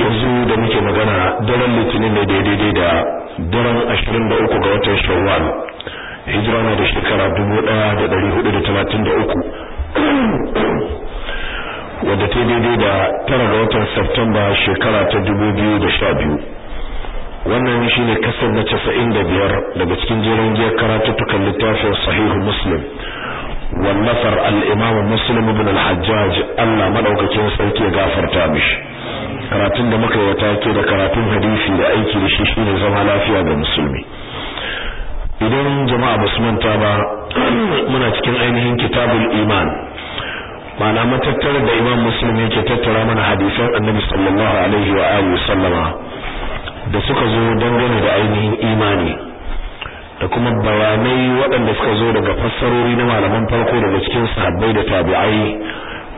yanzu da muke magana daren litinin ne daidai da daren 23 ga watan shawwal hijira na da shekara 1433 wadda ta daidai da tara ga watan Septemba shekara ta 2012 wannan shi ne kasar na 95 daga cikin jerin giyar karatuttukan littafin sahihu muslim والنصر الإمام مسلم بن Allah الله مدوكاكين سيكي غافر تامش karatun da muka yata ke da karatun hadisi da aiki da shi shine zama lafiya ga musulmi idan jama'a basu manta ba muna cikin ainihin kitabul iman ma'ana matattara da imam muslim yake tattara mana hadisan annabi sallallahu alaihi wa alihi da suka zo dangane da ainihin imani da kuma bayanai waɗanda suka zo daga fassarori na malaman farko daga cikin sahabbai da tabi'ai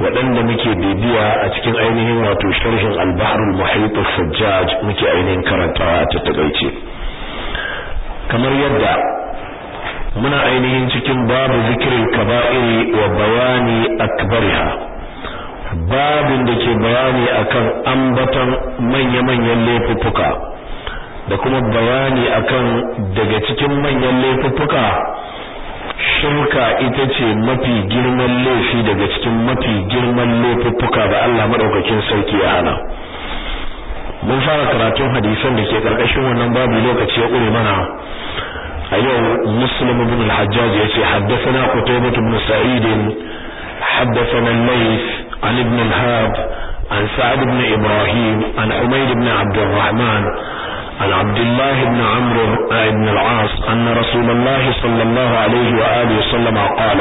waɗanda muke bibiya a cikin ainihin wato sharhin al-bahrul muhit sajjaj muke ainihin karantawa ta takaice kamar yadda muna ainihin cikin babu zikirin kaba'iri wa bayani akbariha babin da ke bayani akan ambatan manya-manyan laifuffuka da kuma bayani akan daga cikin manyan laifuffuka shirka ita ce mafi girman laifi daga cikin mafi girman laifuffuka da Allah madaukakin sarki ya hana mun fara karatun hadisan da ke karkashin wannan babu lokaci ya ƙure mana a yau muslim ibn al-hajjaj ya ce haddathana qutaybah ibn sa'id haddathana al-layth an ibn al-hab an sa'ad ibn ibrahim an umayd ibn abd عن عبد الله بن عمرو بن العاص أن رسول الله صلى الله عليه وآله وسلم قال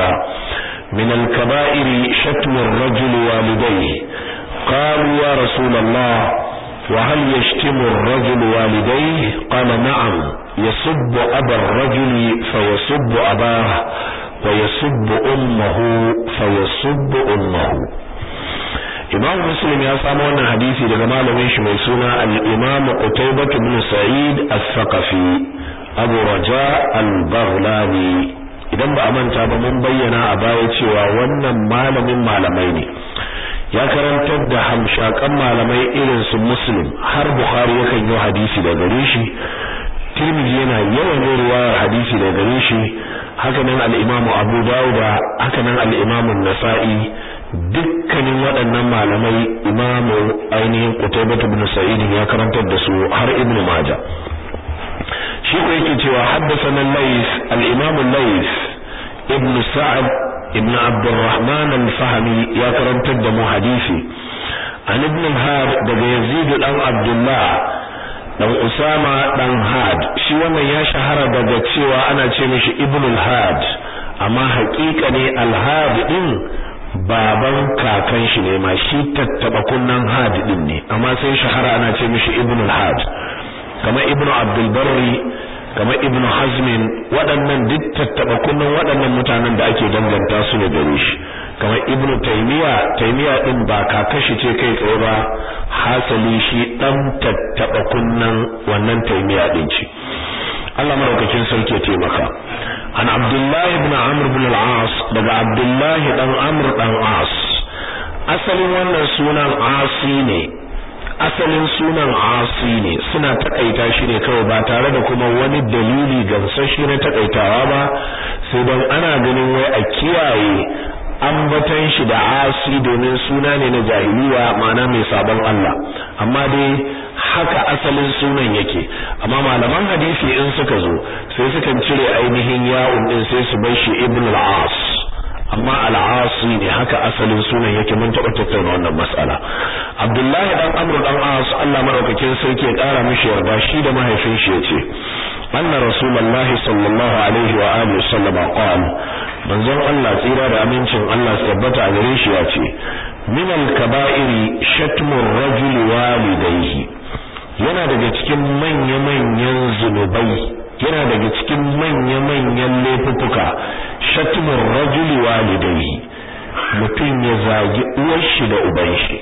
من الكبائر شتم الرجل والديه قالوا يا رسول الله وهل يشتم الرجل والديه قال نعم يسب أبا الرجل فيسب أباه ويسب أمه فيسب أمه imamu muslim ya samu wannan hadisi daga malamin shi mai suna alimamu imam qutaybah sa'id as-saqafi abu raja al-baghlani idan ba a manta ba mun bayyana a baya cewa wannan malamin malamai ne ya karantar da hamshakan malamai irin su muslim har bukhari yakan yi hadisi da gare shi tirmidhi yana yawan ruwayar hadisi da gare shi haka nan al-imam abu dawud haka nan al-imam nasai dukkanin waɗannan malamai imamu ainihin Qutaybah ibn Sa'id ya karantar da su har Ibn Majah shi ko yake cewa haddathana Lays al-Imam Lays ibn Sa'ad ibn Abdurrahman al-Fahmi ya karantar da mu hadisi an ibn al-Har daga Yazid dan Abdullah dan Usama dan Had shi wannan ya shahara daga cewa ana ce mishi ibn al-Had amma haƙiƙa ne al-Had din baban kakan shi ne ma shi tattaba kunnan had din ne amma sai shahara ana ce mishi ibnu al-had kamar ibnu abdul barri kamar ibnu hazmin waɗannan duk tattaba kunnan waɗannan mutanen da ake danganta su ne gare shi kamar ibnu taymiya taymiya din ba kakashi ce kai tsaye ba hasali shi dan tattaba kunnan wannan taymiya din ce Allah madaukakin sarki ya taimaka an Abdullah ibn Amr ibn al-As daga Abdullah dan Amr dan As asalin wannan sunan Asi ne asalin sunan Asi ne suna takaita shi ne kawai ba tare da kuma wani dalili gamsashi na takaitawa ba sai dan ana ganin wai a kiyaye ambatan shi da asi domin suna ne na jahiliya ma'ana mai sabon Allah amma dai haka asalin sunan yake amma malaman hadisi in suka zo sai sukan cire ainihin ya'un din sai su bar shi ibn al-as amma al as ne haka asalin sunan yake mun taɓa tattauna wannan mas'ala Abdullahi dan Amr dan As Allah madaukakin sarki ya ƙara mishi yarda shi da mahaifin shi yace أن رسول sallallahu alaihi wa عليه وآله وسلم قال Allah tsira da amincin Allah tabbata a gare shi ya ce min al-kaba'iri shatmur yana daga cikin manya-manyan zunubai yana daga cikin manya-manyan laifuka shatmur rajuli walidayhi mutum ya zagi uwar shi da uban shi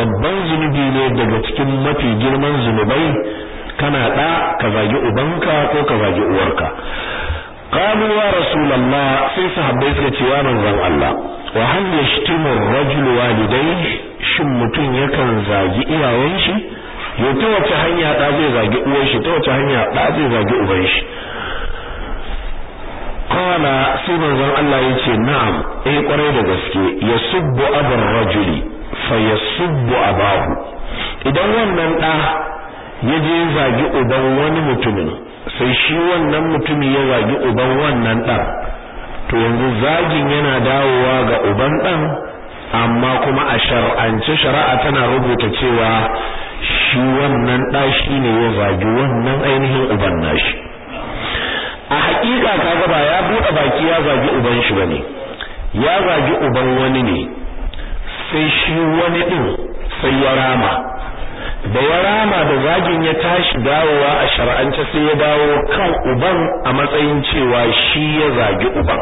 babban zunubi ne daga cikin mafi girman zunubai kana da ka zagi ubanka ko ka zagi uwarka qalu ya rasulullah sai sahabbai suka ce ya manzon Allah wa hal yashtimu ar-rajul walidayhi shin mutum yakan zagi iyayen shi yau ta wace hanya da zai zagi uwar shi ta wace hanya da zai zagi uban shi qala sai manzon Allah yace na'am eh kwarai da gaske yasubbu abar rajuli fayasubbu abahu idan wannan da ya je zagi uban wani mutumin sai shi wannan mutumi ya zagi uban wannan ɗan to yanzu zagin yana dawowa ga uban ɗan amma kuma a shar'ance shari'a tana rubuta cewa shi wannan ɗa shi ne ya zagi wannan ainihin uban nashi a haƙiƙa kaga ba ya buɗe baki ya zagi uban shi bane ya zagi uban wani ne sai shi wani ɗin sai ya rama da ya rama da zagin ya tashi dawowa a shar'anta sai ya dawo kan uban a matsayin cewa shi ya zagi uban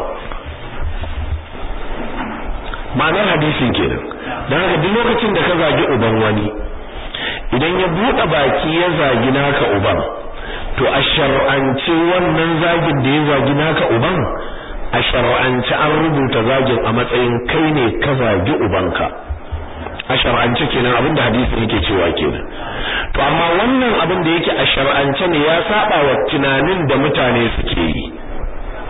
ma'anar hadisin kenan don haka duk lokacin da ka zagi uban wani idan ya buɗe baki ya zagi naka uban to a shar'ance wannan zagin da ya zagi naka uban a shar'ance an rubuta zagin a matsayin kai ne ka zagi ubanka a shar'ance kenan abin da yake cewa kenan to amma wannan abin da yake a shar'ance ne ya saba wa tunanin da mutane suke yi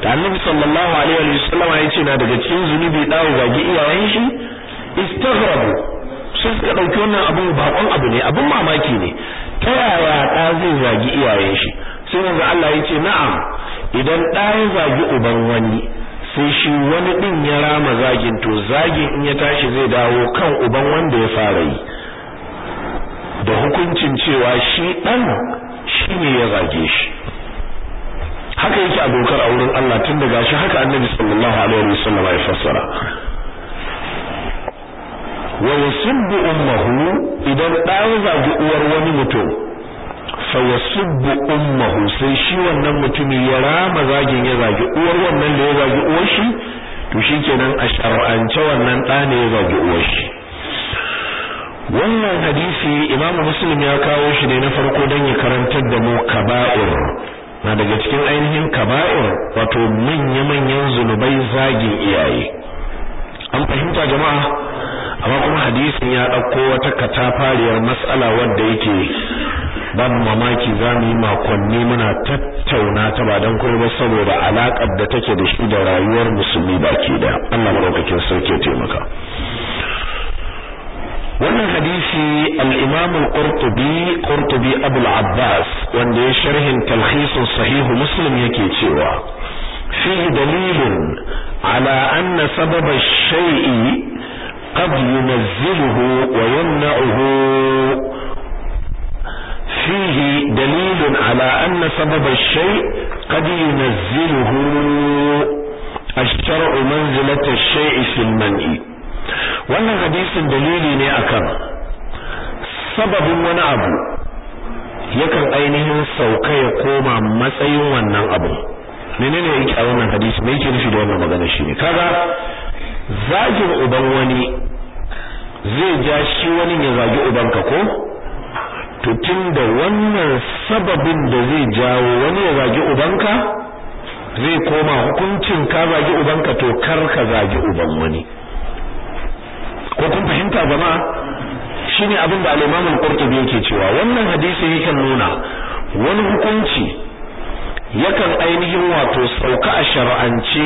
da annabi sallallahu alaihi wa sallam ya ce na daga cikin zunubi dawo zagi iyayen shi istaghrabu sun ka dauki wannan abin bakon abu ne abin mamaki ne ta yaya ɗa zai zagi iyayen shi sai manzo Allah ya ce na'am idan ɗaya ya zagi uban wani sai shi wani din ya rama zagin to zagin in ya tashi zai dawo kan uban wanda ya fara yi da hukuncin cewa shi dan shi ne ya zage shi haka yake a dokar a wurin Allah tun daga shi haka annabi sallallahu alaihi wasallam ya fassara wa yusibbu ummuhu idan ɗan zagi uwar wani mutum fa ummuhu sai shi wannan mutumi ya rama zagin ya zagi uwar wannan da ya zagi uwar shi to shikenan a shar'ance wannan da ne ya zagi uwar shi wannan hadisi imamu muslim ya kawo shi ne na farko dan ya karantar da mu kaba'ir na daga cikin ainihin kaba'ir wato manya-manyan zunubai zagin iyaye an fahimta jama'a amma kuma hadisin ya ɗauko wata katafariyar matsala wanda yake babu mamaki za mu yi makonni muna tattauna ta ba don kuma ba saboda alaƙar da take da shi da rayuwar musulmi baki da Allah maraukakin sarki taimaka wannan hadisi al-Imam al-Qurtubi Abu abbas wanda ya sharhin talhisun sahih Muslim yake cewa fihi dalilin ala anna sababa ash-shay'i qad yunazziluhu wa yamna'uhu فيه دليل على أن سبب الشيء قد ينزله الشرع منزلة الشيء في المنع wannan hadisin dalili ne akan sababin wani abu yakan ainihin sauka ya koma matsayin wannan abu menene yake a wannan hadisi me yake nufi da wannan magana shine kaga zagin uban wani zai ja shi wani ya zagi ubanka ko to da wannan sababin da zai jawo wani ya zagi ubanka zai koma hukuncin ka zagi ubanka to kar ka zagi uban wani ko kun fahimta shi shine abin da al-Imam yake cewa wannan hadisi yake nuna wani hukunci yakan ainihin wato sauka a shar'ance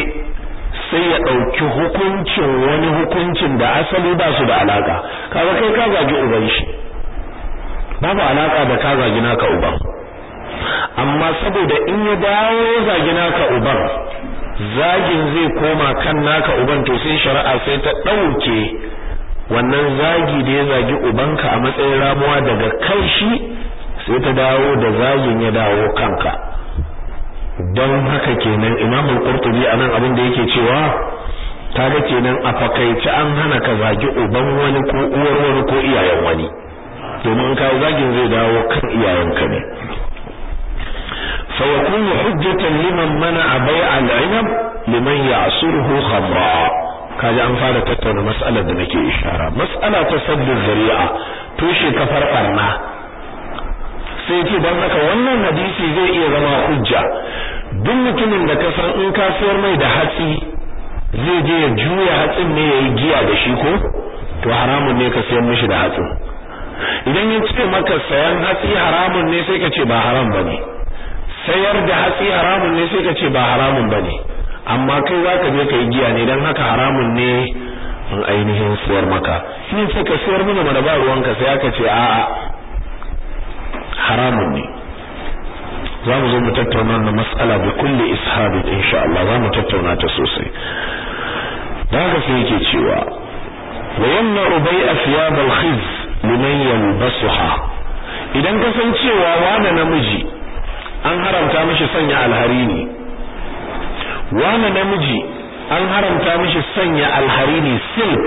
sai ya ɗauki hukuncin wani hukuncin da asali ba su da alaka kaga kai ka zagi uban shi babu alaka da ka zagi naka uban amma saboda in ya dawo zagi naka uban zagin zai koma kan naka uban to sai shari'a sai ta dauke wannan zagi da ya zagi uban ka a matsayin ramuwa daga kai shi sai ta dawo da zagin ya dawo kanka don haka kenan Imam Al-Qurtubi anan abin da yake cewa ta ga kenan a fakaice an hana ka zagi uban wani ko uwar wani ko iyayen wani domin kawo zagin zai dawo kan iyayenka ne liman mana لمن منع بيع العنب لمن يعصره خضراء kaji an fara tattauna mas'alar da nake ishara mas'ala ta sabbin zari'a tushe kafar barna sai ce dan haka wannan hadisi zai iya zama hujja duk mutumin da ka san in ka sayar mai da hatsi zai je ya juya hatsin ne yayi giya da shi ko to haramun ne ka sayar mishi da hatsin idan ya ce maka sayan hatsi haramun ne sai ka ce ba haram bane sayar da hatsi haramun ne sai ka ce ba haramun bane amma kai za ka je ka yi giya ne don haka haramun ne in ainihin siyar maka shi sai ka siyar mana mana ba ruwanka sai aka ce a'a haramun ne za mu zo mu tattauna na matsala da kulle ishabin insha Allah za mu tattauna ta sosai da haka sai yake cewa wa yamna ubay afyab al-khiz liman yalbasuha idan ka san cewa wani namiji an haramta mishi sanya alharini wani namiji an haramta mishi sanya alharini silk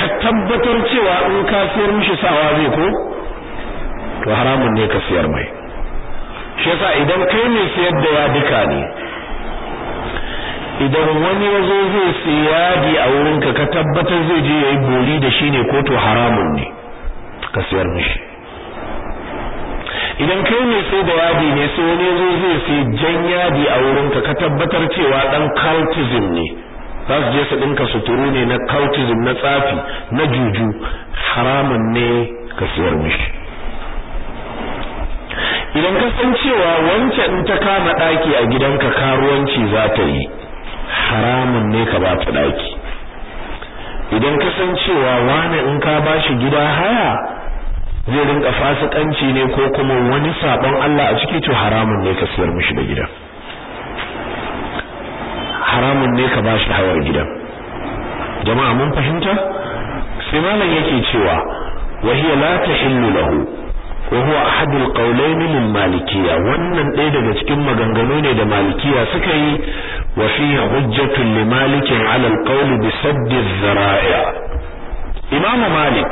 ka tabbatar cewa in ka siyar mishi sawa zai ko to haramun ne ka siyar mai shi yasa idan kai ne siyar da ya duka ne idan wani ya zo zai siyadi yadi a wurinka ka tabbatar zai je ya yi bori da shi ne ko to haramun ne ka siyar mishi idan kai mai sai da yadi ne sai wani ya zo zai sai jan yadi a wurinka ka tabbatar cewa dan cultism ne za su je su ɗinka suturu ne na cultism na tsafi na juju haramun ne ka siyar mishi idan ka san cewa wancan ta kama ɗaki a gidanka karuwanci za ta yi haramun ne ka ba ta daki idan kasancewa wani in ka ba shi gida haya zai rinka fasikanci ne ko kuma wani sabon Allah a ciki to haramun ne ka siyar mishi da gida haramun ne ka ba bashi hawar gida jama'a mun fahimta sai malam yake cewa wa hiya la tahillu lahu wa huwa ahad al-qawlayn lil malikiyya wannan ɗaya daga cikin maganganu ne da malikiya suka yi وفيه حجة لمالك على القول بسد الذرائع إمام مالك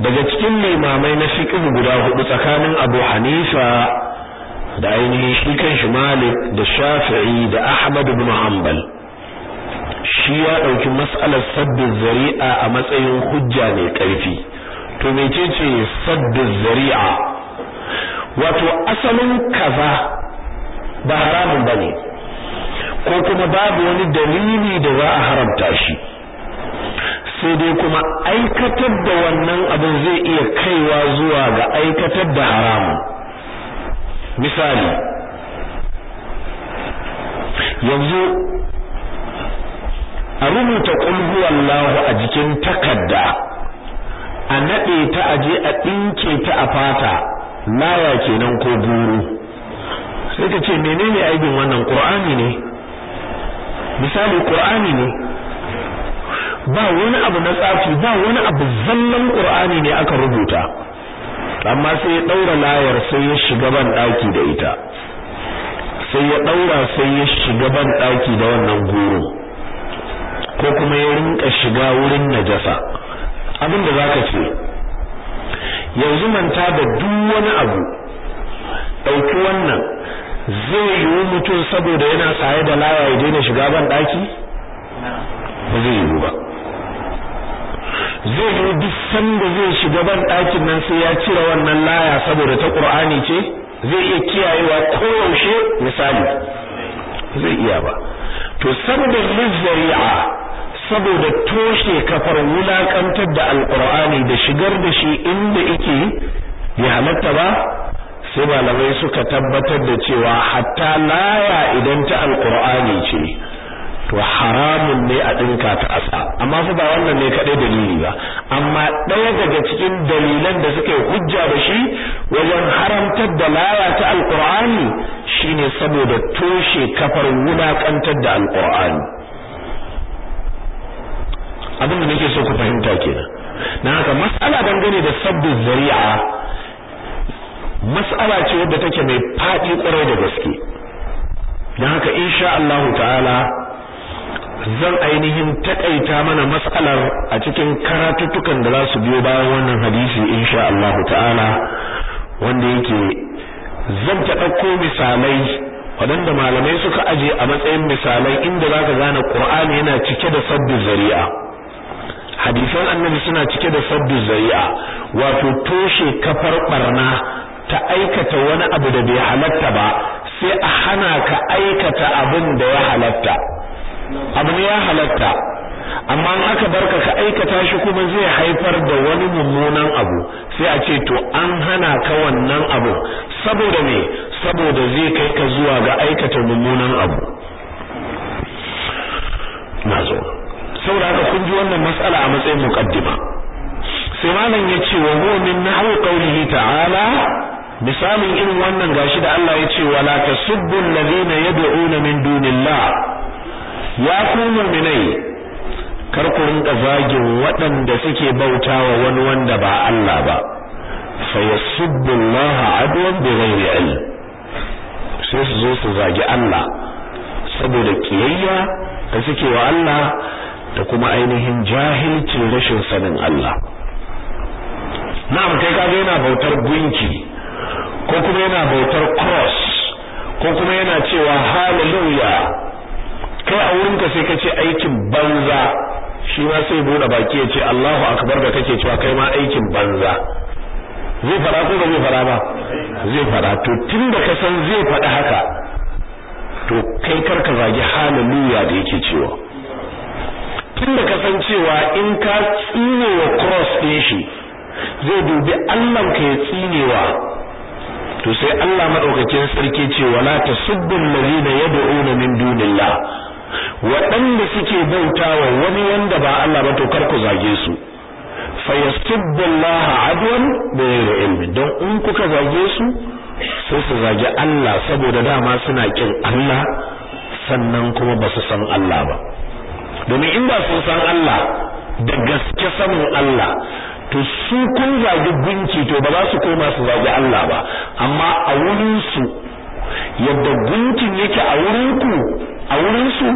daga cikin limamai na fiqh guda huɗu tsakanin Abu Hanifa da ainihin shi kanshi Malik da Shafi'i da Ahmadu ibn shi ya ɗauki mas'alar saddu zari'a a matsayin hujja mai karfi to mecece saddu zari'a wato asalin kaza ba haramun bane ko kuma babu wani dalili da za a haramta shi sai dai kuma aikatar da wannan abin zai iya kaiwa zuwa ga aikatar da haramun misali yanzu a rubuta lahu a jikin takarda a naɗe ta aje a ɗinke ta a fata laya kenan ko buru sai ka ce menene aibin wannan ƙur'ani ne misali qur'ani ne ba wani abu na tsafi ba wani abu zallan qur'ani ne aka rubuta amma sai ya daura layar sai ya shiga ban daki da ita sai ya daura sai ya shiga ban daki da wannan goro ko kuma ya rinka shiga wurin najasa abin da zaka ce yanzu manta da duk wani abu dauki wannan zai yiwu mutum saboda yana saye da laya ya daina shiga ban daki ba zai yiwu ba zai yiwu duk sanda zai shiga ban dakin nan sai ya cire wannan laya saboda ta qur'ani ce zai iya kiyayewa koyaushe misali zai iya ba to saboda lizzari'a saboda toshe kafar wulakantar da alqur'ani da shigar da shi inda yake ya halatta ba sai malamai suka tabbatar da cewa hatta laya idan ta alqur'ani ce to haramun ne a dinka ta asa amma fa ba wannan ne kadai dalili ba amma daya daga cikin dalilan da suka yi hujja da shi wajen haramtar da laya ta alqur'ani shine saboda toshe kafar wulakantar da alqur'ani abin da nake so ku fahimta kenan na haka mas'ala dangane da sabbin zari'a mas'ala ce wadda take mai faɗi ƙwarai da gaske don haka insha Allah ta'ala zan ainihin takaita mana mas'alar a cikin karatuttukan da za su biyo bayan wannan hadisi insha Allah ta'ala wanda yake zan ta ɗauko misalai waɗanda malamai suka aje a matsayin misalai inda za ka gane ƙur'ani yana cike da sabbi zari'a hadisan annabi suna cike da sabbi zari'a wato toshe kafar barna ta aikata wani abu da bai halatta ba sai a hana ka aikata abin da ya halatta Abin ya halatta amma in aka barka ka aikata shi kuma zai haifar da wani mummunan abu sai a ce to an hana ka wannan abu saboda me saboda zai kai ka zuwa ga aikata mummunan abu na zo saboda haka kun ji wannan matsala a matsayin muqaddima sai malam ya ce wa huwa min hau ta'ala misalin irin wannan gashi da Allah ya ce wala tasubbu alladhina yad'una min dunillah ya ku mu'minai kar ku rinka zagin waɗanda suke bautawa wani wanda ba Allah ba fa yasubbu Allah adwan ghairi ilm sai su zo su zagi Allah saboda kiyayya da suke wa Allah da kuma ainihin jahilci rashin sanin Allah na'am kai kaga yana bautar gunki ko kuma yana bautar cross ko kuma yana cewa hallelujah kai a wurinka sai ka ce aikin banza shi ma sai bude baki ya ce Allahu akbar da kake cewa kai ma aikin banza zai fara ko bai zai fara ba zai fara to tunda ka san zai fada haka to kai karka zagi hallelujah da yake cewa tunda ka san cewa in ka tsinewa cross din shi zai dubi Allah ka ya tsinewa to sai Allah madaukakin sarki ce wala tasubbul ladina yad'una min dunillah waɗanda suke bautawa wani wanda ba Allah ba to kar ku zage su fayasubbullaha adwan bighayri ilmi don in kuka zage su sai su zage Allah saboda dama suna kin Allah sannan kuma ba su san Allah ba domin in ba su san Allah da gaske sanin Allah to su kun zagi gunki to ba za su koma su zagi Allah ba amma a wurin su yadda gunkin yake a wurin ku a wurin su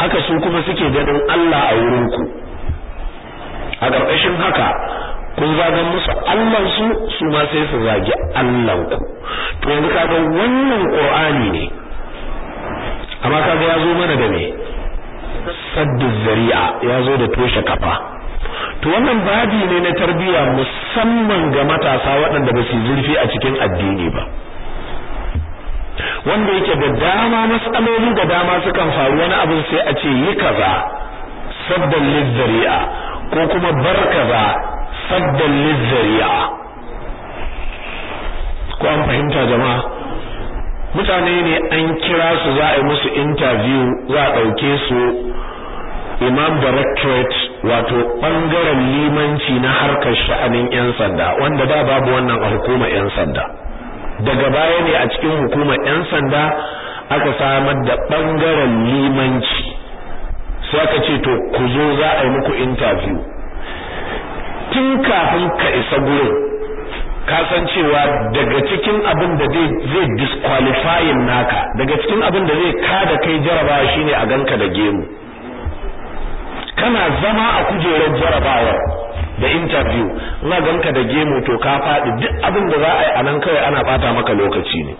haka su kuma suke ganin Allah a wurin ku a ƙarƙashin haka kun zagan musu Allah su su ma sai su zagi Allah ku to yanzu kaga wannan Qur'ani ne amma kaga ya zo mana da me saddu zari'a ya zo da toshe kafa to wannan babi ne na tarbiyya musamman ga matasa waɗanda ba su zurfi a cikin addini ba wanda yake da dama matsaloli da dama sukan faru wani abu sai a ce yi kaza saddan lizzari'a ko kuma bar kaza saddan lizzari'a ko an fahimta jama'a mutane ne an kira su za a yi musu interview za a ɗauke su imam directorate wato ɓangaren limanci na harkar sha'anin 'yan sanda wanda da babu wannan a hukumar 'yan sanda daga baya ne a cikin hukumar 'yan sanda aka samar da ɓangaren limanci sai aka ce to ku zo za a yi muku interview tun kafin ka isa gurin kasancewa daga cikin abin da zai disqualifying naka daga cikin abin da zai kada kai jarabawa shine a ganka da gemu kana zama a kujerar jarabawar da interview ina ganka da gemu to ka faɗi duk abin da za a yi a nan kawai ana ɓata maka lokaci ne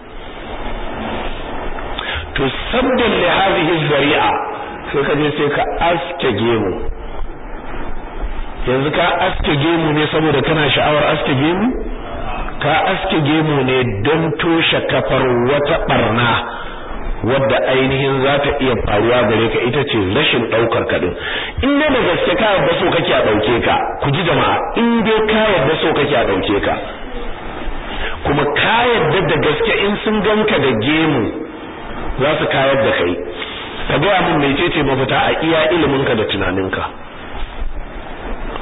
to sabbin li hadhihi zari'a sai ka je sai ka aske gemu yanzu ka aske gemu ne saboda kana sha'awar aske gemu ka aske gemu ne don toshe kafar wata barna wadda ainihin za ta iya faruwa gare ka ita ce rashin ɗaukar ka ɗin in dai da gaske ka yarda so kake a ɗauke ka ku ji jama'a in dai ka yarda so kake a ɗauke ka kuma ka da da gaske in sun ganka da gemu za su kayar da kai ka gaya min mecece mafita a iya iliminka da tunaninka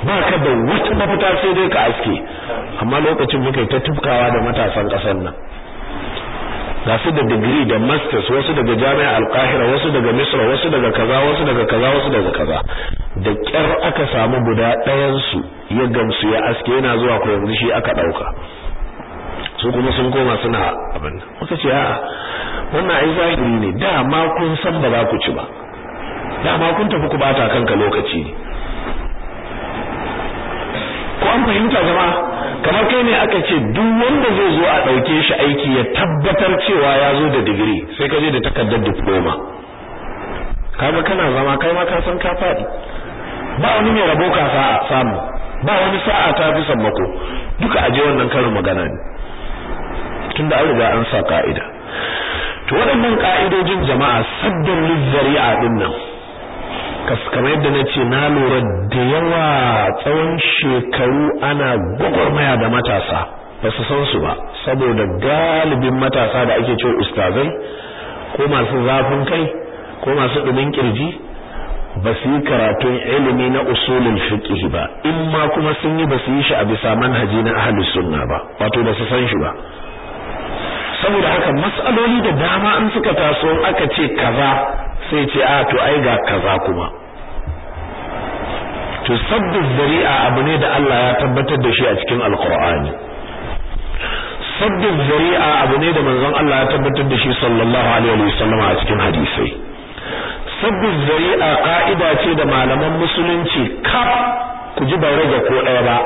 ba ka da wata mafita sai dai ka aske amma lokacin muka ta tufkawa da matasan ƙasar nan ga da digiri da masters wasu daga jami'ar alkahira wasu daga misra wasu daga kaza wasu daga kaza wasu daga kaza da kyar aka samu guda ɗayan su ya gamsu ya aske yana zuwa ko yanzu shi aka ɗauka su kuma sun koma suna abin muka ce a'a wannan ai zahiri ne da ma kun san ba za ku ci ba da ma kun tafi ku bata kanka lokaci ne ko an fahimta jama'a kamar kai ne aka ce duk wanda zai zo a ɗauke shi aiki ya tabbatar cewa ya zo da digiri sai ka je da takardar diploma kaga kana zama kai ma ka san ka faɗi ba wani mai rabo ka sa'a samu ba wani sa'a ta fi sammako duka aje wannan karin magana ne tunda an riga an sa ka'ida to waɗannan ka'idojin jama'a saddan lizzari'a din nan Kaskamai da na ce na lura da yawa tsawon shekaru ana gwagwarmaya da matasa ba su san su ba saboda galibin matasa da ake cewa ustazai ko masu zafin kai ko masu dumin kirji ba su yi karatun ilimi na usulin fiqh ba in ma kuma sun yi ba su yi shi a bisa manhaji na ahlus sunna ba wato ba su san shi ba saboda haka matsaloli da dama an suka taso aka ce kaza sai ce a to ai ga kaza kuma to sabbin zari'a abu ne da Allah ya tabbatar da shi a cikin alqur'ani Sabbin zari'a abu ne da manzon Allah ya tabbatar da shi sallallahu alaihi a cikin hadisai sabbi zari'a ka'ida ce da malaman musulunci kaf ku ji ba rage ko ɗaya ba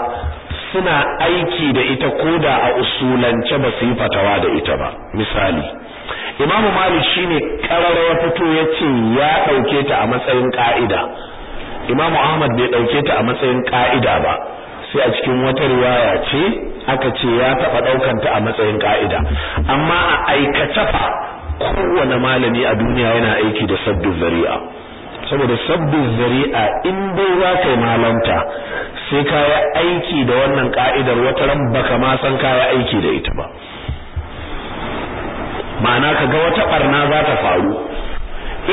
suna aiki da ita koda a usulance ba su yi fatawa da ita ba misali imamu malik shine kararra ya fito ya ya ɗauketa ta a matsayin ƙa'ida imamu ahmad bai ɗauke ta a matsayin ƙa'ida ba sai a cikin wata riwaya ce aka ce ya taɓa ta a matsayin ƙa'ida amma a aikata fa kowane malami a duniya yana aiki da sabbin zari'a saboda sabbin zari'a in dai za ka yi malanta sai ka yi aiki da wannan ka'idar wata ran baka ma san ka yi aiki da ita ba ma'ana ka ga wata barna za ta faru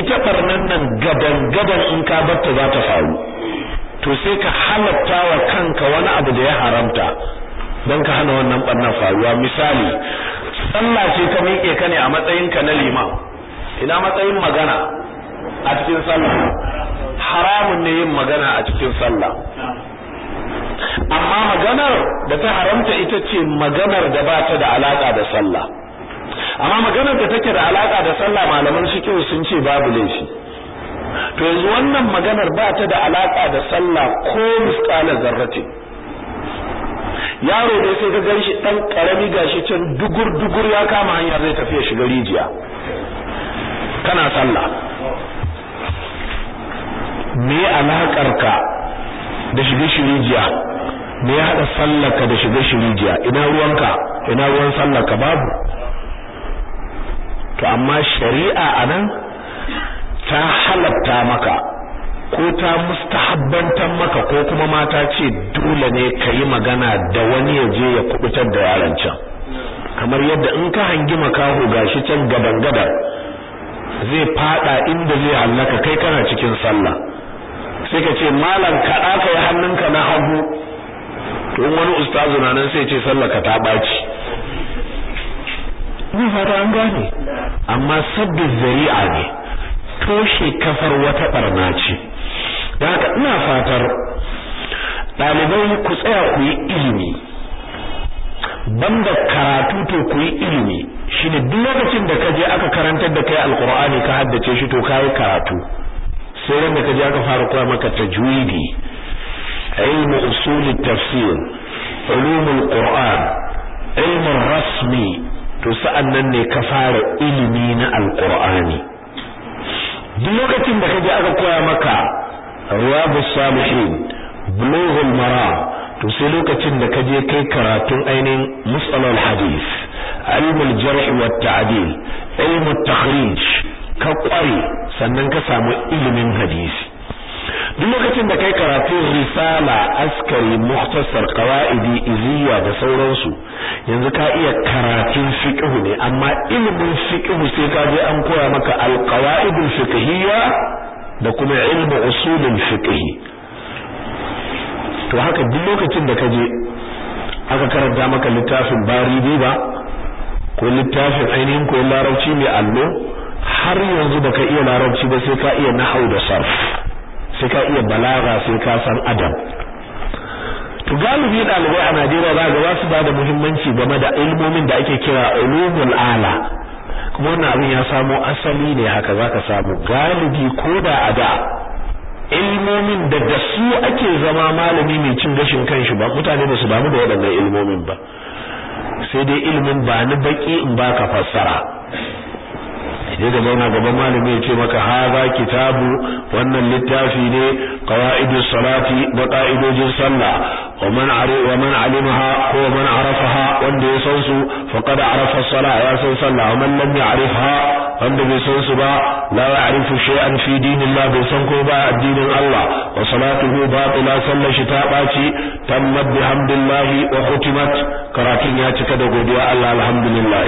ita barnan nan gadan gadon in ka batta za ta faru to sai ka halatta wa kanka wani abu da ya haramta don ka hana wannan barna faruwa misali sallah ce ka miƙe ka ne a matsayinka na liman ina matsayin magana a cikin sallah haramun ne yin magana a cikin sallah amma maganar da ta haramta ita ce maganar da ba ta da alaƙa da sallah amma maganar da take da alaka da sallah malaman kyau sun ce babu laifi to yanzu wannan maganar ba ta da alaka da sallah ko misqala zarratin yaro dai sai ka ganshi dan karami gashi can dugur dugur ya kama hanya zai tafi ya shiga rijiya kana sallah me alakar ka da shi rijiya me ya hada sallaka da shi rijiya ina ruwanka ina ruwan sallaka babu to amma shari'a anan ta halatta maka ko ta mustahabbantan maka ko kuma mata ce dole ne ka yi magana da wani ya je ya kubutar da yaron can kamar yadda in ka hangi makaho gashi can gaban gadar zai fada inda zai hallaka kai kana cikin sallah sai ka ce malam kaɗa ka yi hannunka na hagu to wani ustazu na nan sai ce sallah ka ta ɓaci na fara an gane amma sabbi zari'a ne toshe kafar wata barna ce da haka ina fatar ɗalibai ku tsaya ku yi ilimi banda karatu to ku yi ilimi shine duk lokacin da kaje aka karantar da kai alqur'ani ka haddace shi to kai karatu sai ran da kaje aka fara koya maka tajwidi ilmu usul tafsir ulum alqur'an ilmu rasmi to sa'an nan ne ka fara ilimi na Alƙur'ani duk lokacin da je aka koya maka riyadus salihin bulughul mara to sai lokacin da kaje kai karatun ainihin musalal hadis ilmul jarh wa ta'dil ilmut takhrij ka kware sannan ka samu ilimin hadisi duk lokacin da kai karatun risala askari muhtasar qawaidi iziya da sauransu yanzu ka iya karatun fiqh ne amma ilmin fiqh sai ka je an koya maka alqawaidul fiqhiyya da kuma ilmu usulul fiqh to haka duk lokacin da ka je aka karanta maka littafin baridi ba ko littafin ainihin ko larabci mai allo har yanzu baka iya larabci ba sai ka iya nahau da sarf sai ka iya balaga sai ka san adam to galibi ɗalibai a Najeriya za ga su bada muhimmanci game da ilmomin da ake kira ulumul ala kuma wannan abin ya samo asali ne haka zaka samu galibi ko da a da ilmomin da da su ake zama malami mai cin gashin kanshi ba mutane ba su damu da waɗannan ilmomin ba sai dai ilmin ba ni baki in baka fassara sai ka zauna gaban malami ya ce maka haza kitabu wannan littafi ne qawaidus salati da qa'idojin sallah wa man ari wa man alimaha ko man arafaha wanda ya san su faqad arafa salah ya san sallah wa man lam ya'rifha wanda bai san su ba la ya'rifu shay'an fi dinillah bai san ko ba addinin Allah wa salatuhu batila sallar shi ta baci tammat bihamdillahi wa khutimat karatun ya cika da godiya Allah alhamdulillah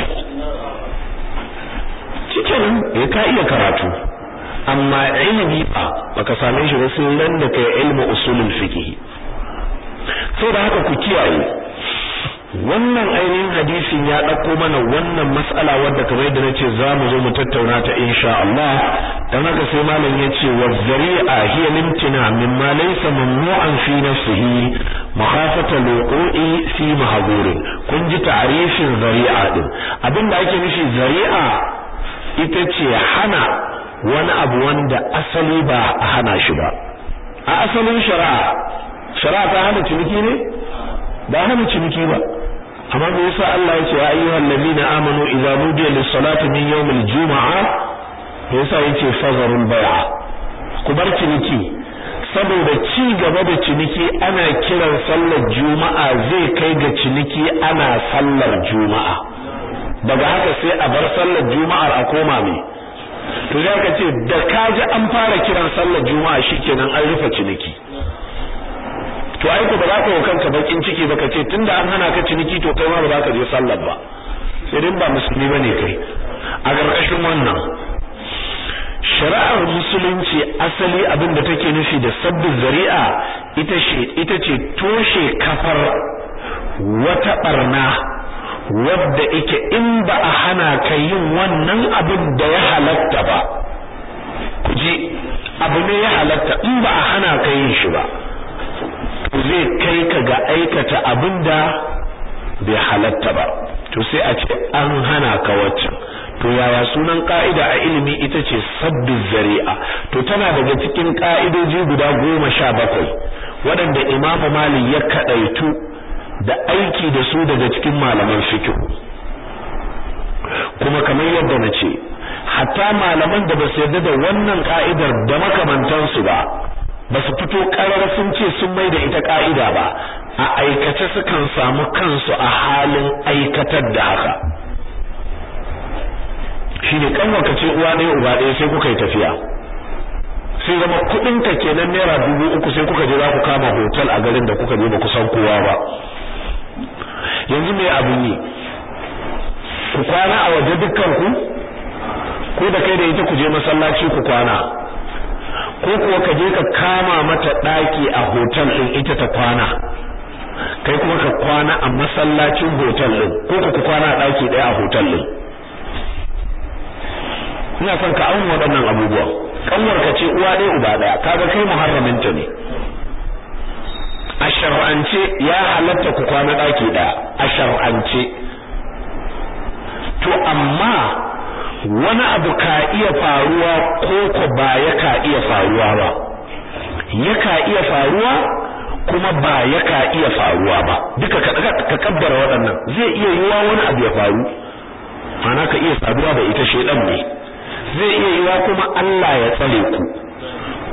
ilimin ya eh, ka iya karatu amma ilimi ba baka same shi ba sai nan da kai ilmu usulul fiqh da haka ku kiyaye wannan ainihin hadisin ya ɗauko mana wannan matsala wadda kamar yadda nace za mu zo mu tattauna ta insha Allah dan haka sai malam ya ce wa zari'a hiya limtina mimma laysa mamnu'an fi nafsihi makhafata luqi fi mahzurin kun ji ta'rifin zari'a din abinda ake nufi zari'a ita ce hana wani abu wanda asali ba a hana shi ba a asalin shari'a shari'a ta hana ciniki ne ba hana ciniki ba amma me yasa Allah ya ce ya ayyuhal ladina amanu idza nudiya lis-salati min yawmil Juma'a? me yasa yace fazarul baya? ku bar ciniki saboda ci gaba da ciniki ana kiran sallar juma'a zai kai ga ciniki ana sallar juma'a daga haka sai a bar sallar juma'ar a koma me to ka ce da ka ji an fara kiran sallar juma'a shikenan an rufe ciniki to ai ko ba za ka yi kanka bakin ciki ba ka ce tunda an hana ka ciniki to kai ma ba za ka je sallar ba sai dai ba musulmi bane kai a ƙarƙashin wannan shari'ar musulunci asali abin da take nufi da sabbin zari'a ita ce toshe kafar wata ɓarna. wadda ike in ba a hana ka yin wannan abin da ya halatta ba ku ji abu ne ya halatta in ba a hana ka yin shi ba zai kai ka ga aikata abin da bai halatta ba to sai a ce an hana ka waccan to yaya sunan ka'ida a ilimi ita ce saddu zari'a to tana daga cikin ka'idoji guda goma sha bakwai waɗanda imamu malik ya kaɗaitu da aiki da su daga cikin malaman fiqh kuma kamar yadda na ce hatta malaman da ba su yarda da wannan ka'idar da makamantansu ba ba su fito karar sun ce sun mai da ita ka'ida ba a aikace sukan samu kansu a halin aikatar da haka shi ne kanwanka ce uwa ɗaya uba ɗaya sai kuka yi tafiya sai zama kuɗinka kenan naira dubu uku sai kuka je za ku kama hotel a garin da kuka je ba kusan kowa ba yanzu mai abu yi ku kwana a waje dukkan ku ko da kai da ita ku je masallaci ku kwana ko kuwa ka je ka kama mata daki a hotel din ita ta kwana kai kuma ka kwana a masallacin hotel din ko ku kwana a daki daya a hotel din ina son ka auna waɗannan abubuwa kanwar ka ce uwa ɗaya uba ɗaya kaga kai muharramin ta ne shar'ance ya halatta ku kwana daki da a shar'ance to amma wani abu ka iya faruwa ko ko ba ya ka iya faruwa ba ya ka iya faruwa kuma ba ya ka iya faruwa ba duka ka kaddara waɗannan zai iya yiwa wani abu ya faru ana ka iya saduwa da ita shedan ne zai iya yiwa kuma Allah ya tsare ku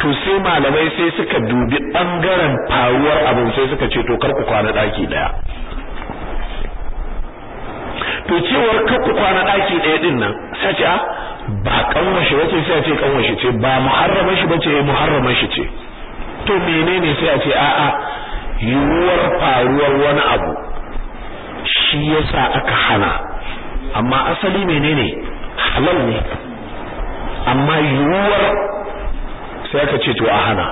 to sai malamai sai suka dubi bangaren faruwar abin sai suka ce to kar ku kwana daki daya to cewar kar ku kwana daki daya din nan sai ce ah, a ba shi wace sai ce shi ce ba muharraman shi bace eh muharraman shi ce to menene sai a ce a a yiwuwar faruwar wani abu shi yasa aka hana amma asali menene halal ne amma yiwuwar sai ka ce to a hana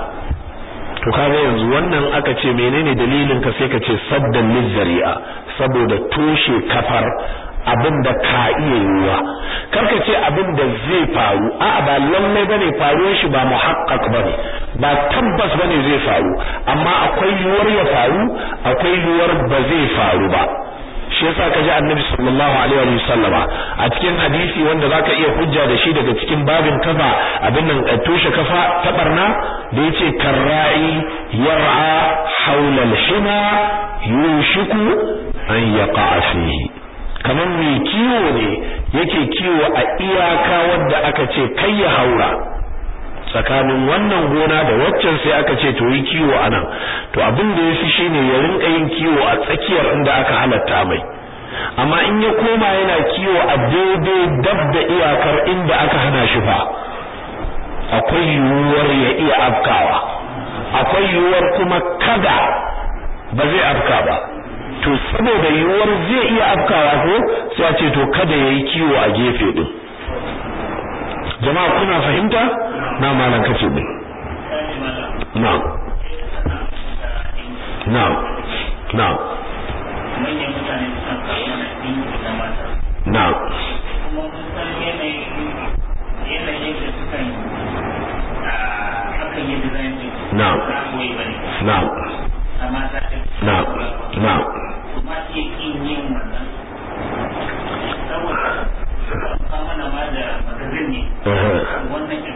to kaga yanzu wannan aka ce menene dalilin ka sai ka ce saddan lizzari'a saboda toshe kafar abin da ka iya yiwuwa karka ce abin da zai faru a'a ba lallai bane faruwar shi ba muhaqqaq bane ba tabbas bane zai faru amma akwai yiwuwar ya faru akwai yiwuwar ba zai faru ba shi yasa ji annabi sallallahu alaihi wa a cikin hadisi wanda zaka iya hujja da shi daga cikin babin kafa abin nan toshe kafa ta barna da yace karra'i yar'a hawla al-hima yushiku an yaqa fihi kamar mai kiwo ne yake kiwo a iyaka wanda aka ce kai ya haura tsakanin wannan gona da waccan sai aka ce to yi kiwo a nan to abin da ya fi shi ne ya rinka yin kiwo a tsakiyar inda aka halatta mai amma in ya koma yana kiwo a daidai dab da iyakar inda aka hana shi fa akwai yiwuwar ya iya afkawa akwai yiwuwar kuma kada ba zai afka ba to saboda yiwuwar zai iya afkawa ko sai a ce to kada ya yi kiwo a gefe din jama'a kuna fahimta na malan kace din na na na manyan mutane kawo na mata na kuma da hakan ah, yi design din na na na na kuma kin yin wannan saboda na ma da magazin ne wannan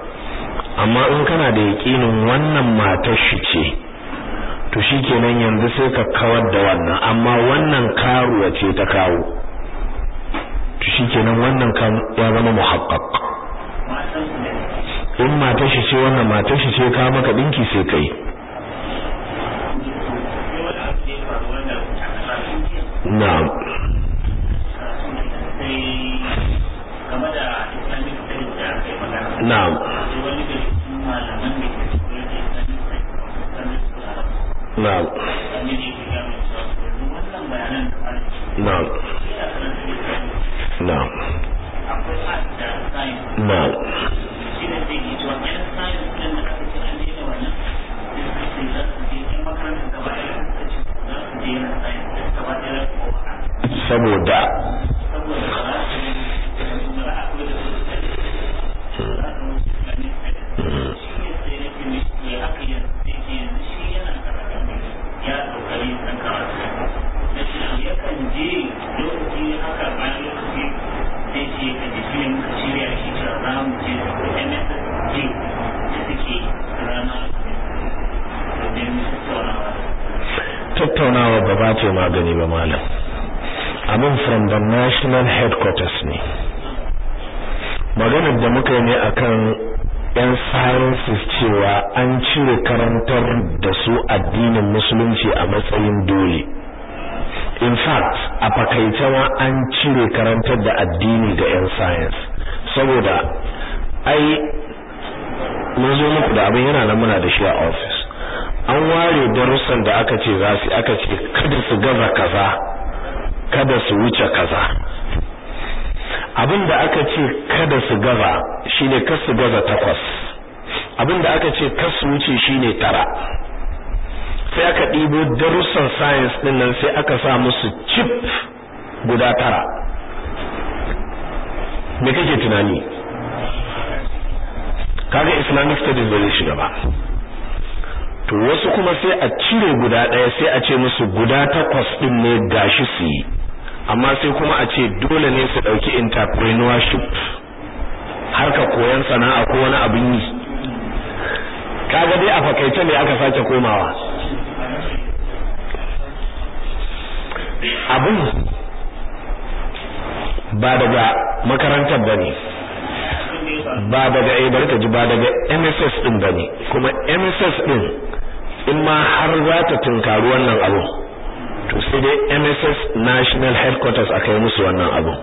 amma in kana da yakinin wannan matar shi ce to shikenan yanzu sai ka kawar da wannan amma wannan karuwa ce ta kawo to shikenan wannan kan ya zama muhaqqaq in matar shi ce wannan matar shi ce ka maka dinki sai kai na'am Na'am. na'am na'am na'am na'am saboda magani ba malam abin from the national headquarters ne maganar da muka yi ne akan yan sciences cewa an cire karantar da su addinin musulunci a matsayin dole in fact a fakaitawa an cire karantar da addini ga yan science saboda ai mun muku da abin yana nan muna da shi a ofis. an ware darussan da aka ce za su aka ce kada su gaza kaza kada su wuce kaza abinda aka ce kada su gaza shine kar su gaza takwas abinda aka ce kar su wuce shine tara sai aka ɗibo darussan science din nan sai aka sa musu chip guda tara me kake tunani kaga islamic studies bai shiga ba to wasu kuma sai a cire guda ɗaya sai a ce musu guda takwas ɗin ne gashi su yi amma sai kuma a ce dole ne su ɗauki entrepreneurship har ka koyan sana'a ko wani abin yi kaga dai a fakaice ne aka sake komawa abin ba daga makarantar ne ba daga eh bari ji ba daga MSS din ne kuma MSS din in ma har za ta tunkari wannan abu to sai dai MSS National Headquarters a kai musu wannan abu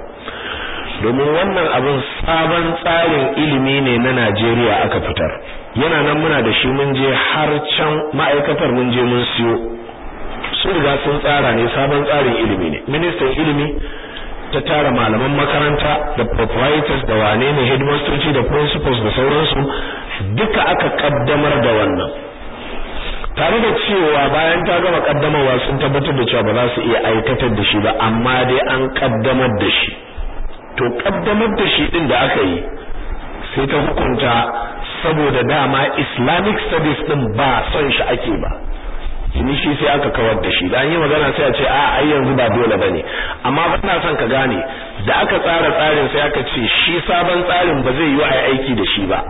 domin wannan abun sabon tsarin ilimi ne na Najeriya aka fitar yana nan muna da shi mun je har can ma'aikatar mun je mun siyo sun riga sun tsara ne sabon tsarin ilimi ne ministan ilimi ta tara malaman makaranta da proprietors da wane ne headmasterci da principals da sauransu duka aka kaddamar da wannan tare da cewa bayan ta gama kaddamarwa sun tabbatar da cewa ba za su iya aikatar da shi ba amma dai an kaddamar da shi to kaddamar da shi din da aka yi sai ta hukunta saboda dama islamic studies din ba son shi ake ba ni shi sai aka kawar da shi da an yi magana sai a ce a ai yanzu ba dole ba ne. amma ba son ka gane da aka tsara tsarin sai aka ce shi sabon tsarin ba zai yi wa aiki da shi ba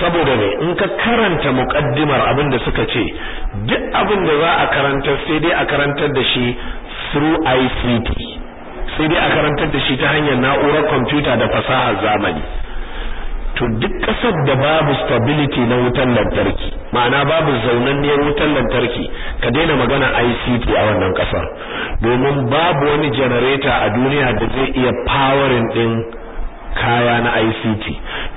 saboda ne in ka karanta muqaddimar abin da suka ce duk abin da za a karanta sai dai a karantar da shi through ICT sai dai a karantar da shi ta hanyar na'urar kwamfuta da fasahar zamani to duk kasar da babu stability na wutan lantarki ma'ana babu zaunan ne wutan lantarki ka daina magana ICT a wannan kasar domin babu wani generator a duniya da zai iya powering din kaya na ICT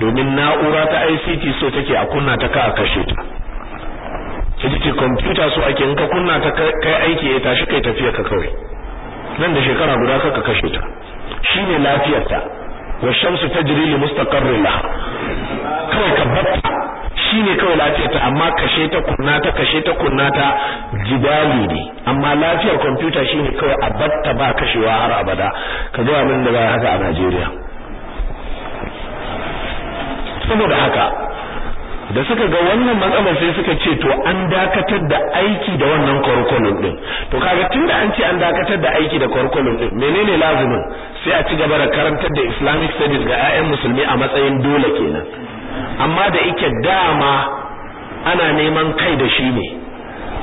domin na'ura ta ICT so take a kunna ta ka a kashe ta ita ce kwamfuta so ake in ka kunna ta kai aiki ya tashi kai tafiya ka kawai nan da shekara guda ka ka kashe ta shine lafiyar ta wa shamsu tajri li mustaqarrin la kawai ka batta shine kawai lafiyar ta amma kashe ta kunna ta kashe ta kunna ta jidali ne amma lafiyar kwamfuta shine kawai a batta ba kashewa har abada ka ga abin da ba haka a Najeriya saboda haka da suka ga wannan matsalar sai suka ce to an dakatar da aiki da wannan kwarkwalon din to kaga tunda an ce an dakatar da aiki da kwarkwalon din menene lazumin sai a ci gaba da karantar da Islamic studies ga 'ya'yan musulmi a matsayin dole kenan amma da ike dama ana neman kai da shi ne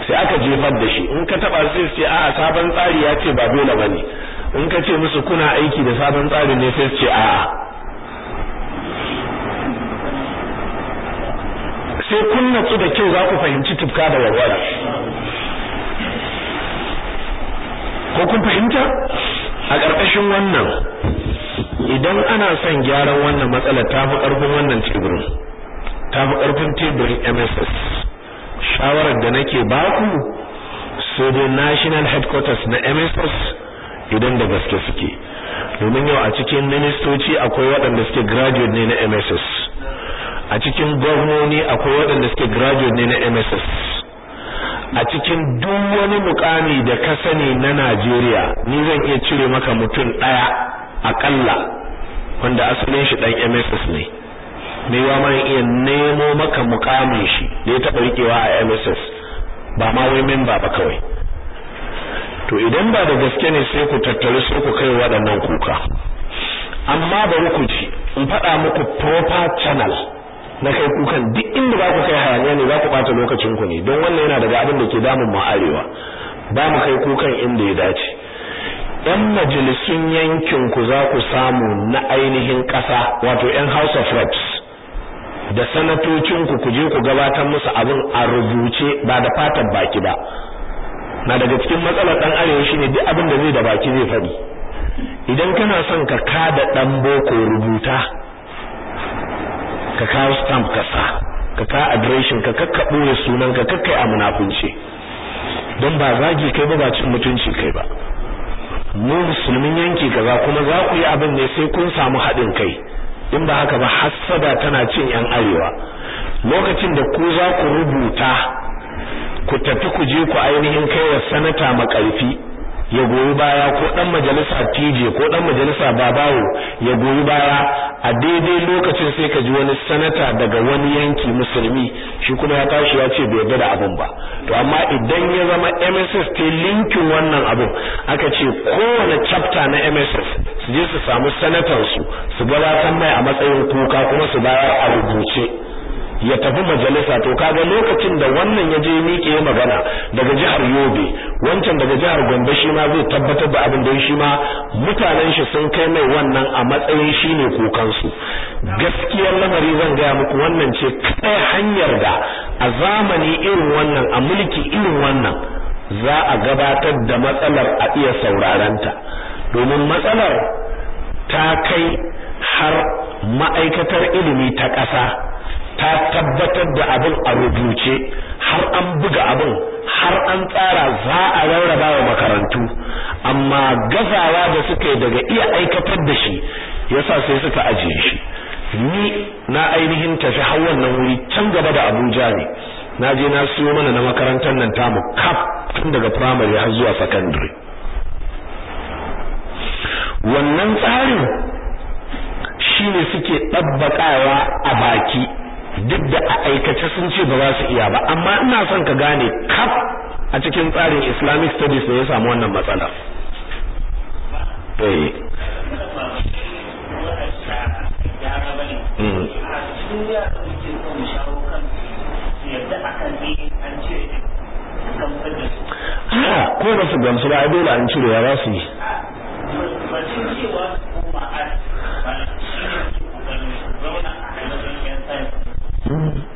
sai aka jefar da shi in ka taba sai ce a'a sabon tsari ya ce ba dole bane in ka ce musu kuna aiki da sabon tsari ne sai ce a'a sai kun natsu da kyau za ku fahimci tufka da warware ko kun fahimta a ƙarƙashin wannan idan ana son gyaran wannan matsala ta fi ƙarfin wannan teburin ta fi ƙarfin teburin MSS shawarar da nake baku sai da national headquarters na MSS idan da gaske suke domin yau a cikin ministoci akwai waɗanda suke graduate ne na MSS a cikin gwamnoni akwai waɗanda suke graduate ne na MSS a cikin duk wani mukami da ka sani na Najeriya ni zan iya cire maka mutum ɗaya akalla wanda asalin shi ɗan MSS ne me ya ma iya nemo maka mukamin shi da ya taɓa rikewa a MSS ba ma wai memba ba kawai to idan ba da gaske ne sai ku tattaru sai ku kai waɗannan kuka amma bari ku ci in faɗa muku proper channel na kai kukan duk inda za ku kai hayaniya ne za ku ɓata lokacin ku ne don wannan yana daga abin da ke damun mu arewa ba mu kai kukan inda ya dace yan majalisun yankin ku za ku samu na ainihin ƙasa wato yan house of reps da sanatocin ku ku je ku gabatar musu abin a rubuce ba da fatan baki ba na daga cikin matsalar dan arewa shine duk abin da zai da baki zai faɗi idan kana son ka kada dan boko rubuta ka kawo stamp ka sa ka ka adireshin ka kakka ɓoye sunan ka kakka a munafunci don ba zagi kai ba ba cin mutunci kai ba mu musulmin yanki kaza kuma za ku yi abin ne sai kun samu haɗin kai in ba haka ba hassada tana cin yan arewa lokacin da ku za ku rubuta ku tafi ku je ku ainihin kai wa sanata makarfi ya goyi baya ko dan majalisa TJ ko dan majalisa babawo ya goyi baya a daidai lokacin sai ka ji wani sanata daga wani yanki musulmi shi kuma ya tashi ya ce bai yarda da abun ba to amma idan ya zama MSS ta linkin wannan abun aka ce kowane chapter na MSS su je su samu sanatar su su gabatar mai a matsayin kuka kuma su bayar a rubuce ya tafi majalisa to kaga lokacin da wannan ya je miƙe magana daga jihar Yobe wancan daga jihar Gombe shi ma zai tabbatar da abin da shi ma mutanen shi sun kai mai wannan a matsayin shi ne kokan su gaskiyar lamari zan gaya muku wannan ce kai hanyar da a zamani irin wannan a mulki irin wannan za a gabatar da matsalar a iya saurarenta domin matsalar ta kai har ma'aikatar ilimi ta ƙasa ta tabbatar da abin a rubuce har an buga abin har an tsara za a rarraba wa makarantu amma gazawa da suka yi daga iya aikatar da shi yasa sai suka ajiye shi ni na ainihin tafi har wannan wuri can gaba da Abuja ne na je na siyo mana na makarantar nan tamu kaf tun daga primary har zuwa secondary wannan tsarin shi ne suke ɗabbaƙawa a baki duk da a aikace sun ce ba za su iya ba amma ina son ka gane kaf a cikin tsarin islamic studies ne ya samu wannan matsala eh. hmm. ah, ko ba su gamsu ba dole an cire ya su yi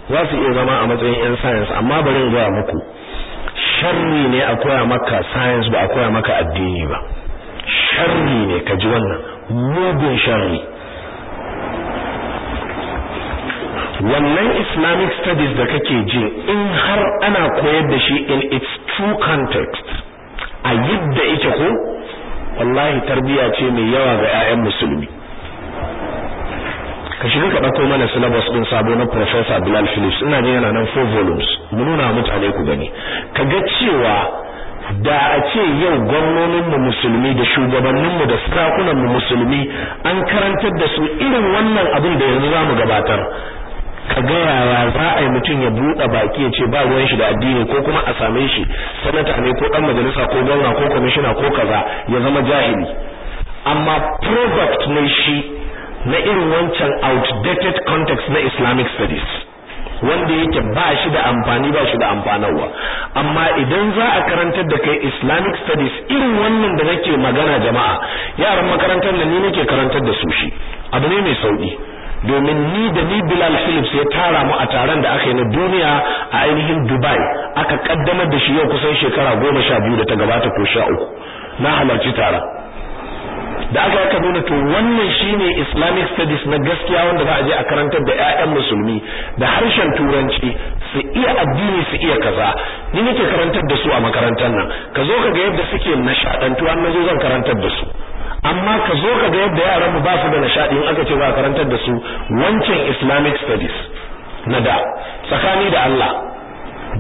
za su iya zama a matsayin yan science amma bari zuwa muku sharri ne a koya maka science ba a koya maka addini ba sharri ne ka ji wannan mugun sharri wannan islamic studies da kake ji in har ana koyar da shi in its true context a yadda ita ko wallahi tarbiya ce mai yawa ga 'ya'yan musulmi ka shiga ka ɗauko mana syllabus ɗin sabo na Professor Bilal Phillips ina jin yana nan four volumes mu nuna mutane ku gani ka ga cewa da a ce yau gwamnonin mu musulmi da shugabannin mu da sarakunan mu musulmi an karantar da su irin wannan abin da yanzu zamu gabatar ka ga yaya za a yi mutum ya buɗe baki ya ce ba ruwan shi da addini ko kuma a same shi sanata ne ko ɗan majalisa ko gwamna ko kwamishina ko kaza ya zama jahili amma product ne shi na irin wancan outdated context na Islamic studies wanda yake ba shi da amfani ba shi da amfanarwa amma idan za a karantar da kai Islamic studies irin wannan da nake magana jama'a yaran makarantar da ni nake karantar da su shi abu ne mai sauki domin ni da ni Bilal Phillips ya tara mu a taron da aka yi na duniya a ainihin Dubai aka kaddamar da shi yau kusan shekara goma sha biyu da ta gabata ko sha uku na halarci taron da aka aka nuna to wannan shine islamic studies na gaskiya wanda za a je a karantar da 'ya'yan musulmi da harshen turanci su iya addini su iya kaza ni nake karantar da su a makarantar nan ka zo ka ga yadda suke nashaɗantu an nazo zan karantar da su amma ka zo ka ga yadda yaran mu ba su da nashaɗi in aka ce ba a karantar da su wancan islamic studies na da tsakani da Allah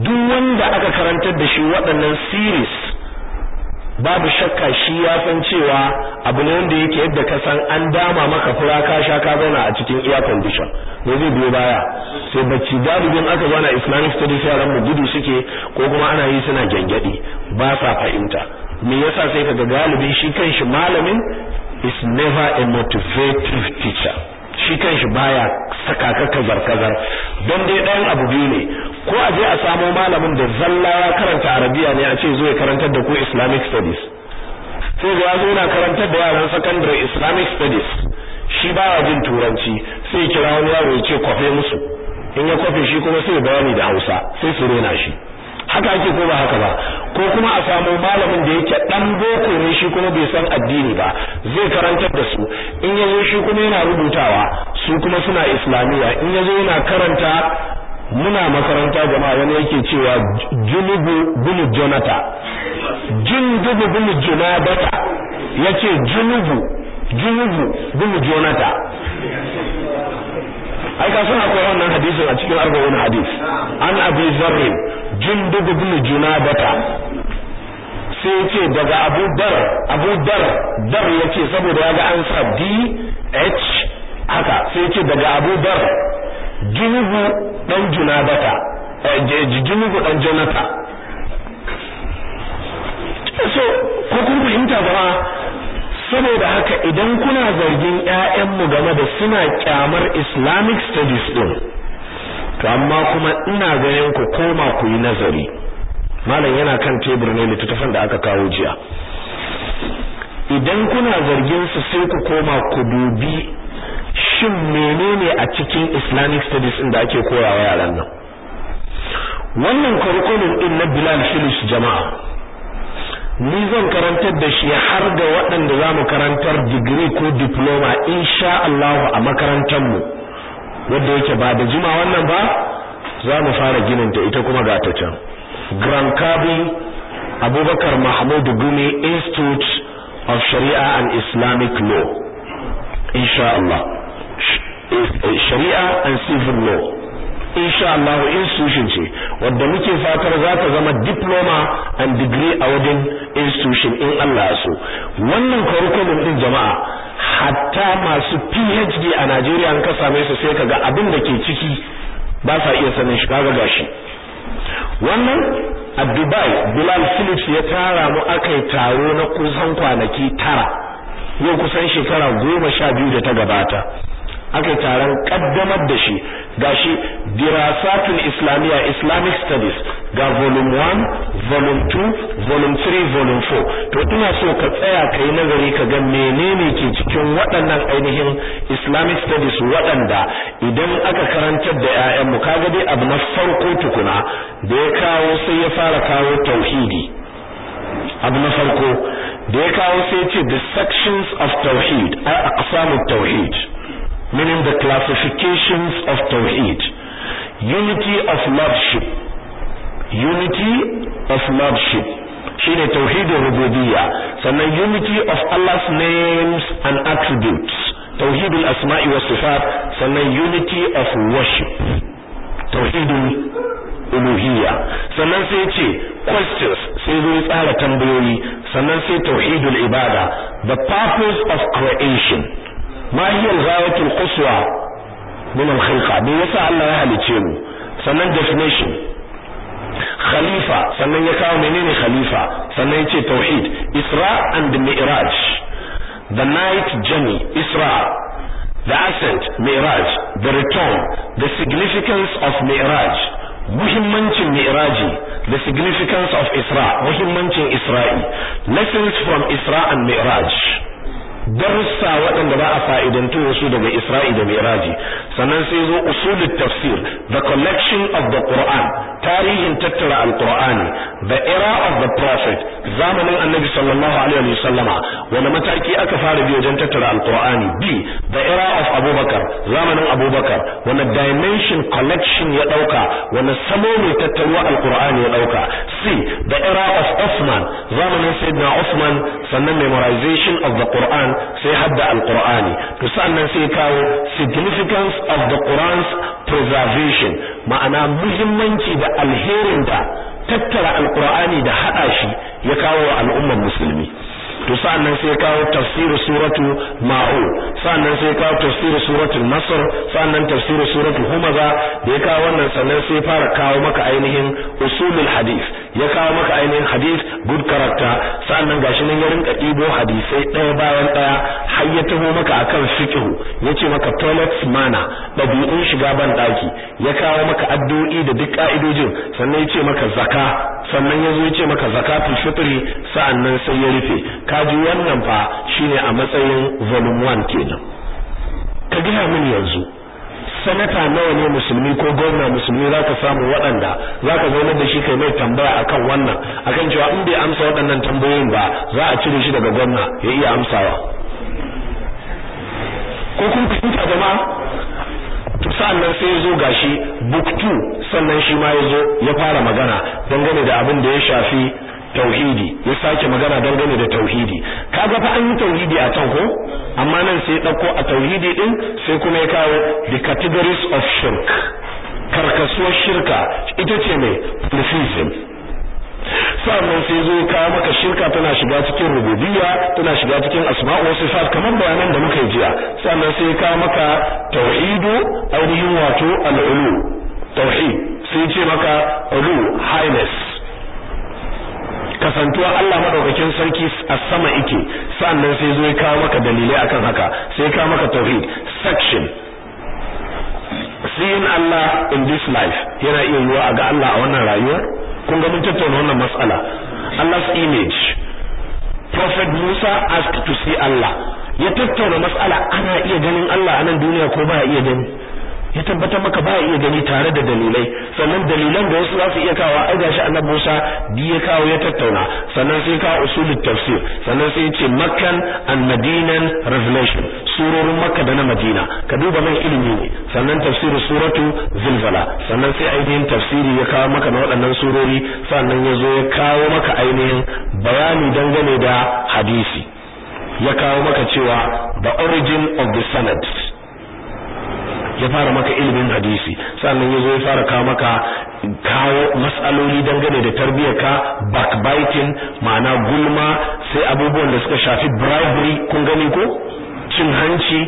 duk wanda aka karantar da shi waɗannan series babu shakka shi ya san cewa abu ne wanda yake yadda ka san an dama maka fura ka sha ka zauna a cikin air condition ne zai biyo baya sai bacci babu galibin aka zauna islamic studies yaran mu gudu suke ko kuma ana yi suna gyangyaɗi ba sa fahimta me yasa sai kaga galibi shi kanshi malamin is never a motivative teacher shi kanshi baya saka ka kazar kazar don dai dan abu biyu ne ko a je a samo malamin da zalla ya karanta arabiya ne a ce zo ya karantar da ku islamic studies sai ga yazo na karantar da yaran sakandare islamic studies shi baya jin turanci sai kira wani yaro ya ce kwafe musu in ya kwafe shi kuma sai bayani da hausa sai su rena shi haka ake ko ba haka ba ko kuma a samo malamin da yake dan boko ne shi kuma bai san addini ba zai karantar da su in yazo shi kuma yana rubutawa su kuma suna islamiya in yazo yana karanta muna makaranta jama'a wani yake cewa junubu bunu jonata junubu bunu jonata yace junubu junubu bunu jonata ai ka suna akwai nan hadisin a cikin arba'un hadis an abi zarri jundub ibn jonata sai ce daga abu dar abu dar dar ce saboda yaga an sa d h haka sai ce daga abu dar junubu dan junabata eh, junubu dan jonata so ko kun fahimta ba saboda haka idan kuna zargin mu game da suna kyamar islamic studies din to amma kuma ina ganin ku koma ku yi nazari malam yana kan tebur ne littafin da aka kawo jiya idan kuna zargin su sai ku koma ku dubi shin menene a cikin islamic studies inda da ake koyawa yaran nan wannan curriculum din na Bilal filis jama'a ni zan karantar da shi har da waɗanda za mu karantar digiri ko diploma insha Allah a makarantar mu wanda yake ba da jima wannan ba za mu fara ginin ta ita kuma ga ta can Grand Kabi Abubakar Mahmud Gumi Institute of Sharia and Islamic Law insha Allah Eh, shari'a and civil law insha Allah institution ce wanda muke fatar za ta zama diploma and degree a wajen institution in Allah so wannan curriculum din jama'a hatta masu PhD a Najeriya an ka same su sai kaga abin da ke ciki ba sa iya sanin shi kaga gashi wannan a Dubai Bilal Phillips ya tara mu akai taro na kusan kwanaki tara yau kusan shekara goma sha biyu da ta gabata aka taron kaddamar da shi gashi dirasatul islamiyya islamic studies ga volume 1 volume 2 volume 3 volume 4 to ina so ka tsaya ka yi nazari ka ga menene ke cikin waɗannan ainihin islamic studies waɗanda idan aka karantar da 'ya'yanmu kaga dai abu na farko tukuna da ya kawo sai ya fara kawo tauhidi abu na farko da ya kawo sai ce the sections of tauhid a aqsamut tauhid meaning the classifications of Tawheed. Unity of Lordship. Unity of Lordship. Shine Tawheed Rububiyya. Sannan unity of Allah's names and attributes. Tawheed al-Asma'i wa Sifat. Sannan unity of worship. Tawheed uluhiyya sannan sai ce questions sai zo ya tsara tambayoyi sannan sai tauhidul ibada the purpose of creation ma hiya al-ghayatul quswa min yasa Allah ya halice mu sannan definition khalifa sannan ya kawo menene khalifa sannan ya ce tauhid isra and mi'raj the night journey isra the ascent mi'raj the return the significance of mi'raj muhimmancin mi'raji the significance of isra muhimmancin isra'i lessons from isra and mi'raj darussa waɗanda ba a fa'idantu wasu daga Isra'i da Miraji sannan sai zo usulul tafsir the collection of the Quran tarihin tattara alƙur'ani the era of the prophet zamanin annabi sallallahu alaihi wa sallama wani mataki aka fara bi wajen tattara alqur'ani b the era of abubakar zamanin abubakar wani dimension collection ya ɗauka wani samo mai tattaruwa alqur'ani ya ɗauka c the era of Uthman zamanin sayyidina usman sannan memorization of the Quran sai hadda alqur'ani to sannan sai kawo significance of the Quran's preservation ma'ana muhimmanci da alherin da tattara alƙur'ani da hada shi ya kawo wa al'ummar musulmi to sa'annan sai kawo tafsiru suratu ma'un sa'annan sai kawo tafsiru suratul nasr sa'annan tafsiru suratu humaza da ya kawo wannan sannan sai fara kawo maka ainihin usulul hadith ya kawo maka ainihin hadith good character sa'annan gashi nan ya rinka ɗibo hadisai ɗaya bayan ɗaya har ya taho maka akan fiqh yace maka toilet mana ɗabi'un shiga ban daki ya kawo maka addu'o'i da duk ka'idojin sannan yace maka zaka sannan yazo yace maka zakatul fitri sa'annan sai ya rufe ka kaji wannan fa ne a matsayin volume 1 kenan ka gina mini yanzu sanata nawa ne musulmi ko gwamna musulmi za ka samu waɗanda za ka zaunar da shi kai mai tambaya akan wannan akan cewa in bai amsa waɗannan tambayoyin ba za a cire shi daga gwamna ya iya amsawa ko kun fahimta jama'a sa'annan sai ya zo gashi buktu sannan shi ma ya zo ya fara magana dangane da abin da ya shafi tauhidi ya sake magana dangane da tauhidi kaga fa an yi tauhidi a can ko amma nan sai ya dauko a tauhidi din sai kuma ya kawo the categories of shirk karkasuwar shirka ita ce mai pluralism sannan sai zo kawo maka shirka tana shiga cikin rububiyya tana shiga cikin asma'u wasu sifat kamar bayanan da muka yi jiya sannan sai kawo maka tauhidu ainihin wato al'ulu tauhid sai ce maka ulu highness kasantuwa Allah madaukakin sarki a sama yake sannan sai zo ya kawo maka dalilai akan haka sai ya kawo maka tauhid section seeing Allah in this life yana iya yiwa a ga Allah a wannan rayuwar kun ga mun tattauna wannan mas'ala Allah's image Prophet Musa asked to see Allah ya tattauna matsala ana iya ganin Allah a nan duniya ko ba iya gani ya tabbatar maka ba iya gani tare da dalilai sannan dalilan da wasu za su iya kawo a gashi annab Musa bi ya kawo ya tattauna sannan sai kawo usulul tafsir sannan sai ya ce makkan an madinan revelation surorin makka da na madina ka duba mai ilimi ne sannan tafsir suratu zilzala sannan sai ainihin tafsiri ya kawo maka na waɗannan surori sannan ya zo ya kawo maka ainihin bayani dangane da hadisi ya kawo maka cewa the origin of the sanad ya fara maka ilimin hadisi sannan ya zo ya fara kawo maka kawo matsaloli dangane da tarbiyyar ka backbiting ma'ana gulma sai abubuwan da suka shafi bribery kun gani ko cin hanci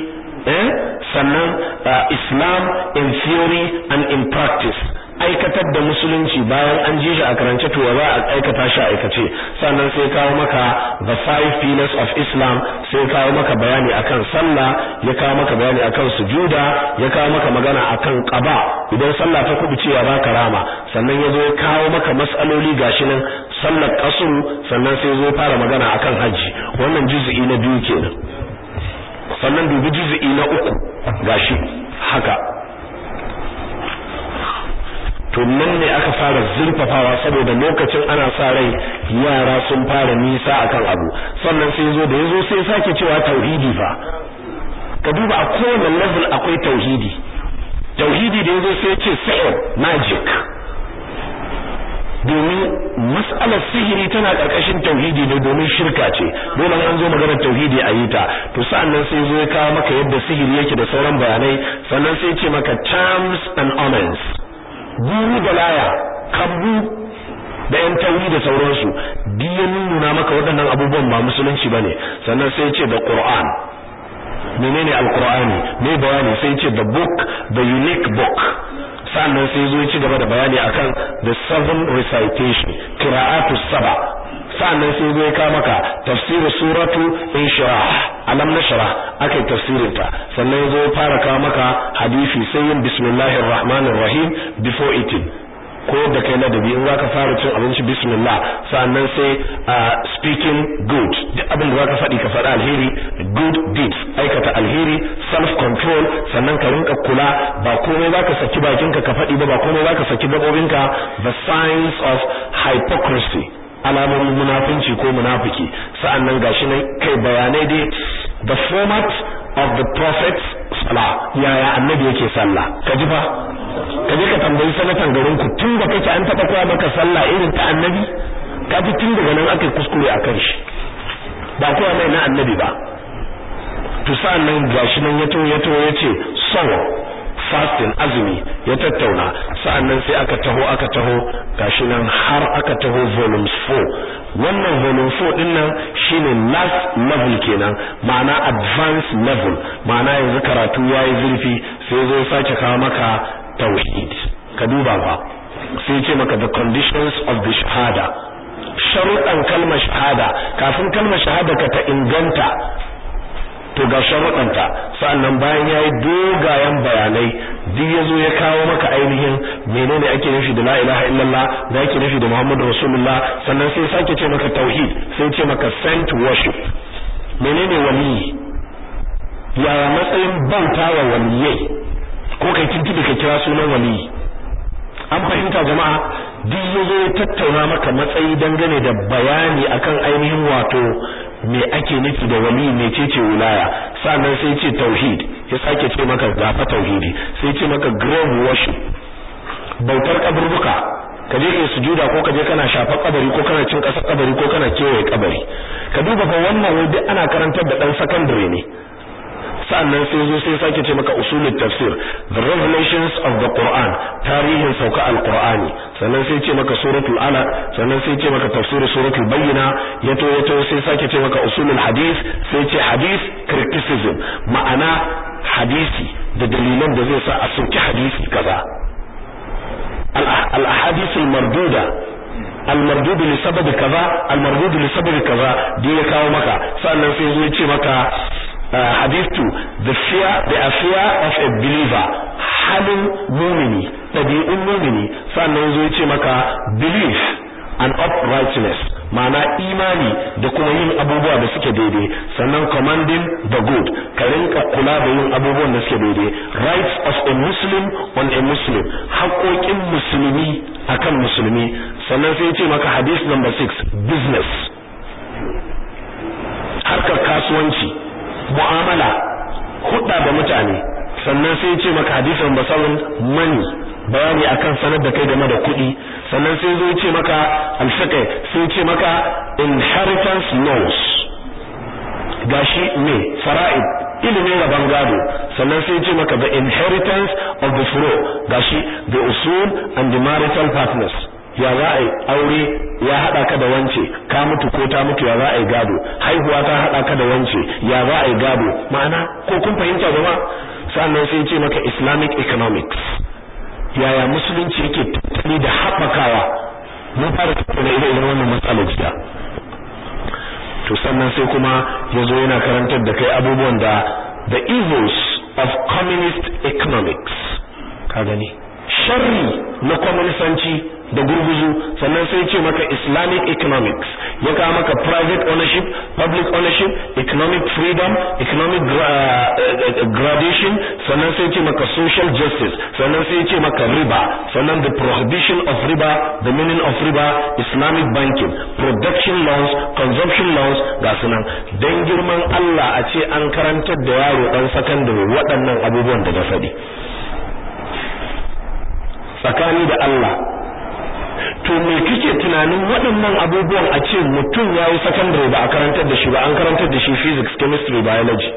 eh sannan uh, islam in theory and in practice aikatar da musulunci bayan an ji shi a karance to za a aikata shi a aikace sannan sai kawo maka the five pillars of Islam sai kawo maka bayani akan sallah ya kawo maka bayani akan sujuda ya kawo maka magana akan qaba idan sallah ta kubi cewa za rama sannan ya zo ya kawo maka mas'aloli gashi nan sallar qasr sannan sai zo fara magana akan haji wannan juz'i na biyu kenan sannan dubi juz'i na uku gashi haka to nan ne aka fara zurfafawa saboda lokacin ana sa rai yara sun fara nisa akan abu sannan sai zo da yazo sai sake cewa tauhidi fa ka duba a kowane level akwai tauhidi tauhidi da yazo sai ce sihir magic domin mas'alar sihiri tana ƙarƙashin tauhidi ne domin shirka ce dole an zo maganar tauhidi a yi ta to sannan sai zo ya kawo maka yadda sihiri yake da sauran bayanai sannan sai ce maka charms and omens guru da laya kambu da yan tauri da sauransu biyan ya nuna maka waɗannan abubuwan ba musulunci ba ne sannan sai ce da Qur'an menene alqur'ani mai bayani sai ce the book the unique book sannan sai zo ci gaba da bayani akan the seven recitation kira'atu saba sa'annan sai zai ka maka tafsir suratu inshirah alam nashra akai tafsirin ta sannan zai fara ka maka hadisi sai yin bismillahir rahmanir rahim before eating ko da kai ladabi in zaka fara cin abinci bismillah sannan sai speaking good duk abin da zaka faɗi ka faɗi alheri good deeds aikata alheri self control sannan ka rinka kula ba komai zaka saki bakinka ka faɗi ba ba komai zaka saki gabobinka the signs of hypocrisy alamomin munafinci ko munafiki sa'annan gashi ne kai bayanai dai the format of the prophet's salah yaya annabi yake sallah ka fa ka ka tambayi sanatan garin ku tun da kake an taba koya maka sallah irin ta annabi kaji tun daga nan aka kuskure a kan shi ba koya mai na annabi ba to sa'annan gashi nan ya to ya to yace ce fastin azumi ya tattauna sa'annan sai aka taho aka taho gashi nan har aka taho volume 4 wannan volume 4 din shine last level kenan ma'ana advanced level ma'ana yanzu karatu yayi zurfi sai zo sake kawo maka tauhid ka duba ba sai ce maka the conditions of the shahada sharuɗan kalmar shahada kafin kalmar shahada ka ta inganta to ga sa'an sa'annan bayan ya yi dogayen bayanai duk zo ya kawo maka ainihin menene ake nufi da la ilaha da ake nufi da muhammadu rasulullah sannan sai sake ce maka tauhid sai ce maka saint worship menene waliyi yaya matsayin banta wa waliyai ko kai kinti da ka kira sunan waliyi an fahimta jama'a duk zo ya tattauna maka matsayi dangane da bayani akan ainihin wato me ake nufi da wali mecece wilaya sannan sai ce tauhid ya sake ce maka gafa tauhidi sai ce maka grave worship bautar kaburbuka ka je kai sujuda ko ka je kana shafa kabari ko kana cin kasa kabari ko kana kewaye kabari ka duba fa wannan wai duk ana karantar da dan secondary ne sa'annan sai zo sai sake ce maka usulul tafsir the revelations of the Quran tarihin sauka alqur'ani sannan sai ce maka suratul ala sannan sai ce maka tafsir suratul bayyina yato yato sai sake ce maka usulul hadith sai ce hadith criticism ma'ana hadisi da dalilan da zai sa a soki hadisi kaza al ahadith al marduda المردود لسبب كذا المردود لسبب كذا دي ya kawo maka sannan sai zo ce maka Uh, hadith to the fear the fear of a believer halin mumini ɗabi'un mumini sannan yazo yace maka belief and uprightness ma'ana imani da kuma yin abubuwa da suke daidai sannan commanding the good ka kula da yin abubuwan da suke daidai rights of a muslim on a muslim haƙoƙin musulmi akan musulmi sannan sai ce maka hadith number 6 business harkar kasuwanci mu'amala hudda da mutane sannan sai ce maka hadisin basarun mani bayani akan sanar da kai game da kuɗi sannan sai zo ce maka alfiqh sai ce maka inheritance laws gashi ne fara'id ilimin rabon gado sannan sai ce maka the inheritance of the fro gashi the usul and the marital partners ya za a yi aure ya haɗa ka da wance ka mutu ko ta mutu ya za a yi gado haihuwa ta haɗa ka da wance ya za a yi gado ma'ana ko kun fahimta ba sannan sai ce maka islamic economics yaya musulunci yake tattali da haɓakawa mun fara tattauna ire-iren wannan matsalar jiya to sannan sai kuma ya zo yana karantar da kai abubuwan da the evils of communist economics ka gani sharri na kwamanisanci da gurguzu sannan sai ce maka islamic economics ya kawo maka private ownership public ownership economic freedom economic eh, eh, gradation sannan sai ce maka social justice sannan sai ce maka riba sannan the prohibition of riba the meaning of riba islamic banking production laws consumption laws ga sunan dan girman Allah a ce an karantar da yaro dan sakandare waɗannan abubuwan da da faɗi tsakani da Allah to me kike tunanin waɗannan abubuwan a ce mutum ya yi secondary ba a karantar da shi ba an karantar da shi physics chemistry biology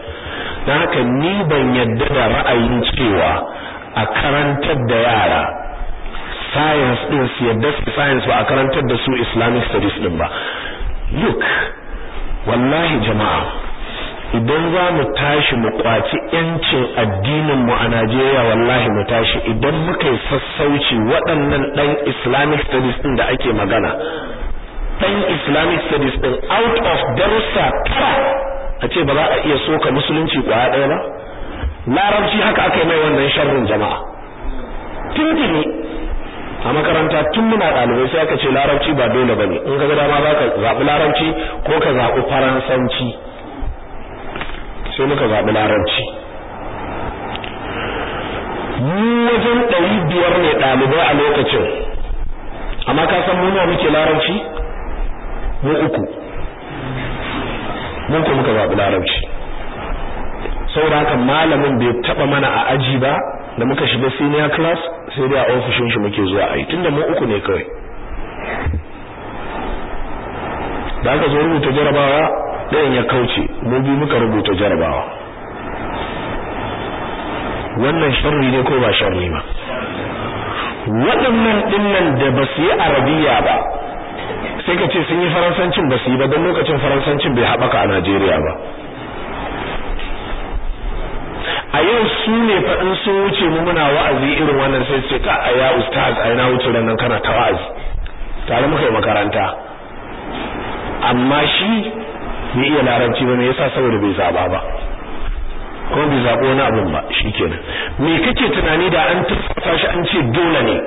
don haka ni ban yadda da ra'ayin cewa a karantar da yara science din su yadda su science ba a karantar da su islamic studies din ba look wallahi jama'a idan za mu tashi mu kwaci yancin addinin mu a Najeriya wallahi mu tashi idan muka yi sassauci waɗannan ɗan Islamic studies ɗin da ake magana Ɗan Islamic studies ɗin out of darussa tara a ce ba za a iya soka musulunci kwaya ɗaya ba larabci haka aka yi mai wannan sharrin jama'a tuntuni a makaranta tun muna ɗalibai sai aka ce larabci ba dole ba ne in ka ga dama za ka zaɓi larabci ko ka zaɓi faransanci sai muka zaɓi laranci mu wajen ɗari biyar ne ɗalibai a lokacin amma ka san mu muke larabci mu uku mun ko muka zaɓi larabci saboda haka malamin bai taɓa mana a aji ba da muka shiga senior class sai dai a ofishin shi muke zuwa a yi tunda mu uku ne kawai da aka zo rubuta jarabawa ɗayan ya kauce mu bi muka rubuta jarabawa wannan sharri ne ko ba sharri ba waɗannan dinnan da ba su yi arabiya ba sai ka ce sun yi faransancin ba su yi ba don lokacin faransancin bai haɓaka a najeriya ba a yau su ne faɗin sun wuce mu muna wa'azi irin wannan sai ce ka a ya ustaz a yana wuce nan kana ta wa'azi tare muka yi makaranta amma shi bai iya larabci ba me yasa saboda bai zaba ba ko bai zabo wani abun ba shikenan me kake tunani da an tafasa shi an ce dole ne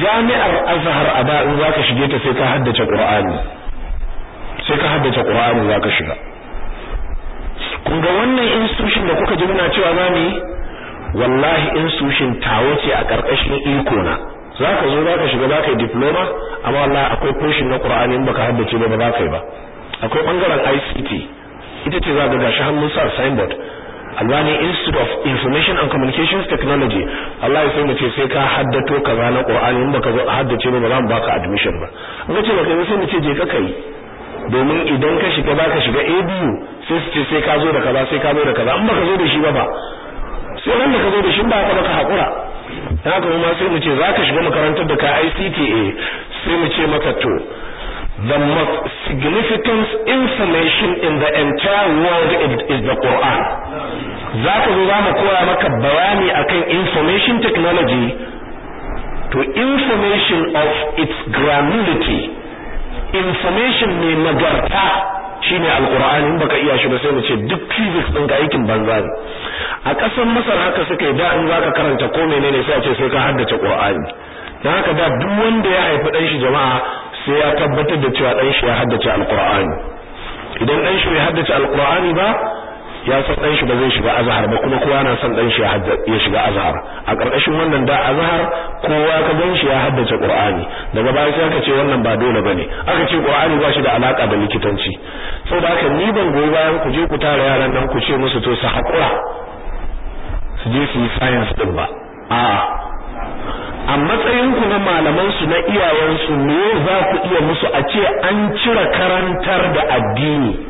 jami'ar azhar a da in zaka shige ta sai ka haddace qur'ani sai ka haddace qur'ani zaka shiga kun ga wannan institution da kuka ji muna cewa zamu yi wallahi institution tawo ce a karkashin iko na za ka zo za ka shiga za ka yi diploma amma wallahi akwai portion na qur'ani in baka haddace ba ba za ka yi ba akwai bangaren ICT ita ce za ka shi hannun sa signboard Albani Institute of Information and Communications Technology Allah ya sai mu ce sai ka haddato kaza na Qur'ani in baka haddace ba ba za mu baka admission ba in ka ce ba kai sai mu ce je ka kai domin idan ka shiga baka shiga ABU sai su ce sai ka zo da kaza sai ka zo da kaza in baka zo da shi ba ba sai wanda ka zo da shi ba ka baka hakura ta kuma ma sai mu ce za ka shiga makarantar da ka ICTA sai mu ce maka to the most significant information in the entire world is the Quran ka zo za mu koya maka bayani akan information technology to information of its granularity information mai nagarta shine alqur'ani in baka iya shi ba sai mu ce duk physics din ka aikin banza ne a ƙasar masar haka suka yi da in zaka karanta ko menene sai a ce sai ka haddace qur'ani dan haka da duk wanda ya haifi dan shi jama'a sai ya tabbatar da cewa dan shi ya haddace alqur'ani idan dan shi bai haddace alqur'ani ba ya san dan shi ba zai shiga azhar ba kuma kowa na son dan shi ya shiga azhar a karkashin wannan da azhar kowa ka gan shi ya haddace qur'ani daga baya sai aka ce wannan ba dole bane aka ce qur'ani ba shi da alaka da likitanci saboda haka ni ban goyi bayan ku je ku tara yaran nan ku ce musu to su hakura su je su yi science din ba a a matsayin ku na malaman su na iyayen su me za ku iya musu a ce an cire karantar da addini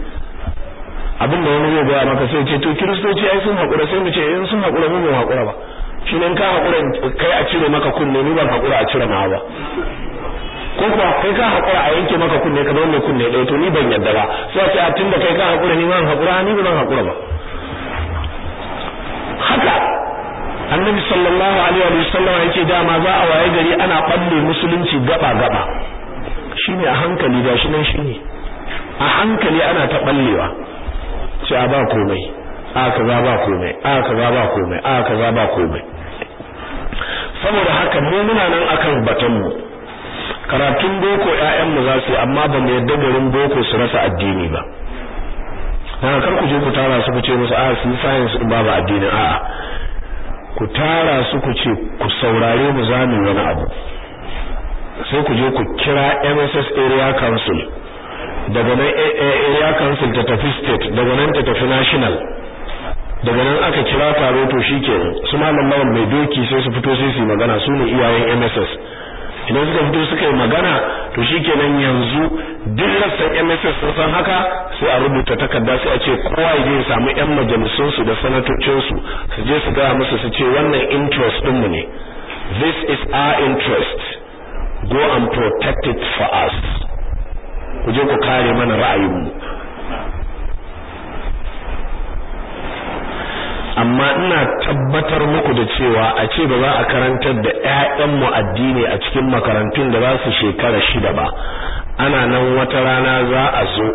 abin da wani zai gaya maka sai ce to kiristoci ai sun haƙura sai mu ce in eh, sun haƙura mu ba haƙura ba shi ne ka haƙura kai a cire maka kunne ni ban haƙura a cire ma ba ko kuwa kai ka haƙura a yanke maka kunne ka zaune kunne ɗaya to ni ban yadda ba sai a ce a tunda kai ka haƙura ni ban haƙura ni ban haƙura ba haka annabi sallallahu alaihi wa sallam yake dama za a waye gari ana balle musulunci gaba gaba shine a hankali shi nan shine a hankali ana ta ballewa a ba komai aka za ba komai a za ba komai a za ba komai saboda haka mu muna nan akan batun mu karatun boko ƴaƴan mu za su amma ba mu yadda garin boko su rasa addini ba daga kar ku je ku tara su ku ce musu a su science in babu addini a'a ku tara su ku ce ku saurare mu zamu wani abu sai ku je ku kira MSS area council daga nan eh, eh, area council ta tafi state daga nan ta tafi national daga nan aka kira taro to shikenan su malam mai doki sai su fito sai su magana su ne iyayen MSS idan suka fito suka yi magana to shi nan yanzu duk rassan MSS sun san haka sai a rubuta takarda sai a ce kowa ya je ya samu yan majalisun su da sanatocinsu su su je su gaya musu su ce wannan interest din mu ne this is our interest go and protect it for us ku je ku kare mana ra'ayinmu amma ina tabbatar muku da cewa a ce ba za a karantar da 'ya'yanmu addini a cikin makarantun da za su shekara shida ba ana nan wata rana za a zo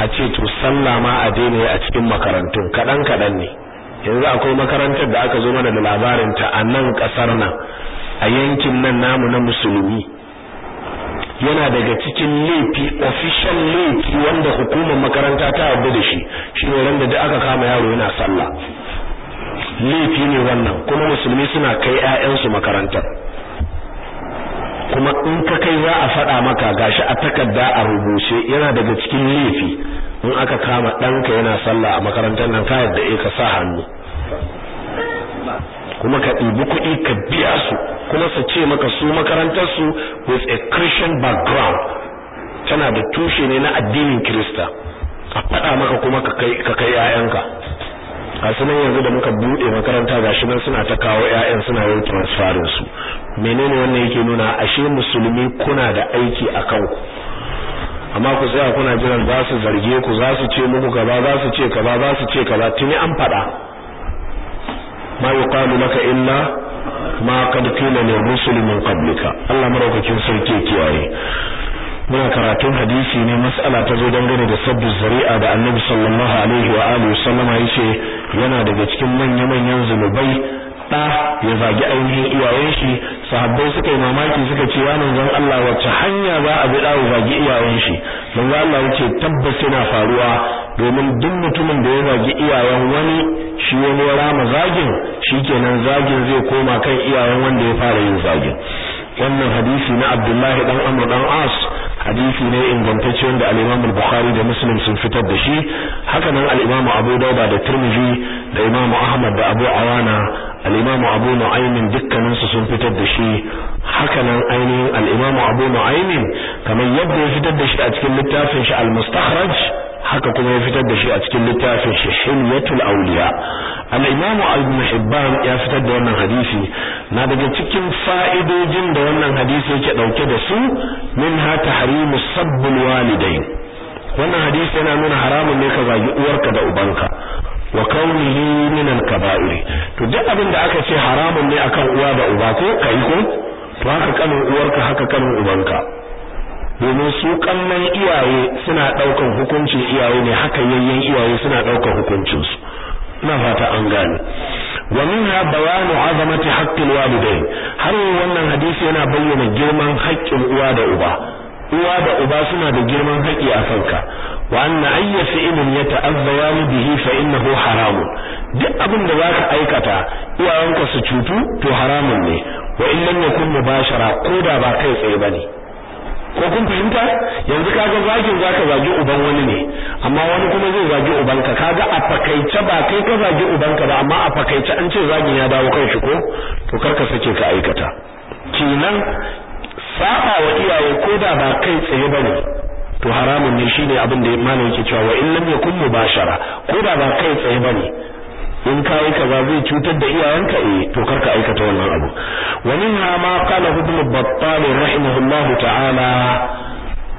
a ce to sallah ma a daina a cikin makarantun kaɗan kaɗan ne yanzu akwai makarantar da aka zo mana da labarinta a nan ƙasar nan a yankin nan namu na musulmi yana daga cikin laifi official laifi wanda hukumar makaranta ta abu da shi shi ne wanda da aka kama yaro yana sallah laifi ne wannan kuma musulmi suna kai ƴaƴansu makarantar kuma in ka kai za a faɗa maka gashi a takarda a rubuce yana daga cikin laifi in aka kama ɗanka yana sallah a makarantar nan ka yarda da eh, ka sa hannu kuma ka ɗibi kuɗi ka biya su kuma su ce maka su makarantarsu with a christian background tana da tushe ne na addinin kirista a faɗa maka kuma ka kai yayanka a sanan yanzu da muka buɗe makaranta ga shi nan suna ta kawo yayan suna yin transferin su menene wannan yake nuna ashe musulmi kuna da aiki a kanku amma ku tsaya kuna jiran za su zarge ku za su ce muku gaba? za su ce kaza za su ce gaba tuni an faɗa ma yuqalu laka illa ma qad qila lir rusul min Allah maraukakin sarki kiyaye muna karatun hadisi ne mas'ala ta zo dangane da sabbu zari'a da Annabi sallallahu alaihi wa alihi sallama yace yana daga cikin manya manyan zunubai da ya zagi ainihin iyayen shi sahabbai suka yi mamaki suka ce ya manzon Allah wacce hanya za a bi da zagi iyayen shi manzon Allah yace tabbas yana faruwa domin duk mutumin da ya zagi iyayen wani shi wani ya rama zagin shikenan zagin zai koma kan iyayen wanda ya fara yin zagin wannan hadisi na Abdullahi dan Amr dan As hadisi ne ingantacce wanda al-Imam al-Bukhari da Muslim sun fitar da shi haka nan al-Imam Abu Dawud da Tirmidhi da Imam Ahmad da Abu Awana al-Imam Abu Nu'aym dukkanin su sun fitar da shi haka nan ainihin al-Imam Abu Nu'aym kamar yadda ya fitar da shi a cikin littafin shi al-Mustakhraj haka kuma ya fitar da shi a cikin littafin shi hilyatul awliya al-imam ibn hibban ya fitar da wannan hadisi na daga cikin fa'idojin da wannan hadisi yake dauke da su min ha tahrimu sabbul walidain wannan hadisi yana nuna haramun ne ka zagi uwarka da ubanka wa kaunihi min al-kaba'ir to duk abin da aka ce haramun ne akan uwa da uba ko kai ko to haka kanin uwarka haka kanin ubanka domin su kallon iyaye suna daukan hukuncin iyaye ne haka yayyen iyaye suna daukan hukuncin su ina fata an gane wa minha bayanu azamati haqqil walidain har wannan hadisi yana bayyana girman haƙƙin uwa da uba uwa da uba suna da girman haƙƙi a kanka wa anna ayya fi'lin yata'azza bihi fa innahu haramun duk abin da za ka aikata iyayenka su cutu to haramun ne wa in lam yakun mubashara ko da ba kai tsaye bane ko kun fahimta yanzu kaga zagin zaka zagi uban wani ne amma wani kuma zai zagi ubanka kaga a fakaice ba kai ka zagi ubanka ba amma a fakaice an ce zagin ya dawo kai shi ko to kar sake ka aikata kenan saba wa iyaye ko da ba kai tsaye bane to haramun ne shine abin da malam yake cewa wa in lam yakun mubashara ko da ba kai tsaye bane in kai kaza zai cutar da iyayenka eh to karka aikata wannan abu Wani hama ma qala ibn battal rahimahullahu ta'ala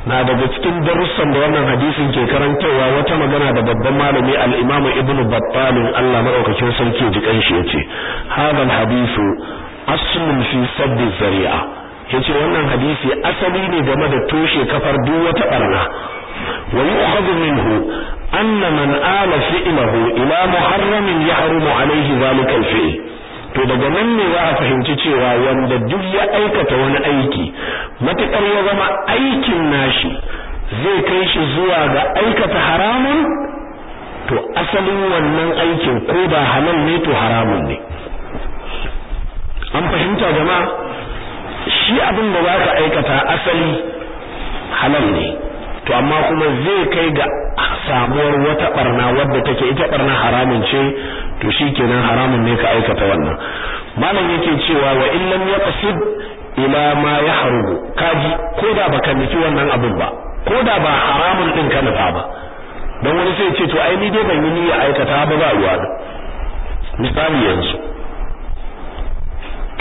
na daga cikin darussan da wannan hadisin ke karantawa wata magana da babban malami al-Imam Ibn Battal Allah madaukakin sarki ji kanshi yace hadal hadisu aslun fi sadd zari'a yace wannan hadisi asali ne game da toshe kafar duk wata barna ويؤخذ منه أن من آل فئله إلى محرم يحرم عليه ذلك الفئل to daga nan ne za a fahimci cewa wanda duk ya aikata wani aiki matuƙar ya zama aikin nashi zai kai shi zuwa ga aikata haramun to asalin wannan aikin ko ba halal ne to haramun ne an fahimta jama'a shi abin da za ka aikata asali halal ne to amma kuma zai kai ga samuwar wata barna wadda take ita barna haramun ce to shikenan haramun ne ka aikata wannan malam yake cewa wa in lam yaqsid ila ma yahrubu kaji ko da baka nufi wannan abin ba ko da ba haramun din ka nufa ba don wani sai ce to ai ni dai ban yi niyya aikata ba ba ruwa misali yanzu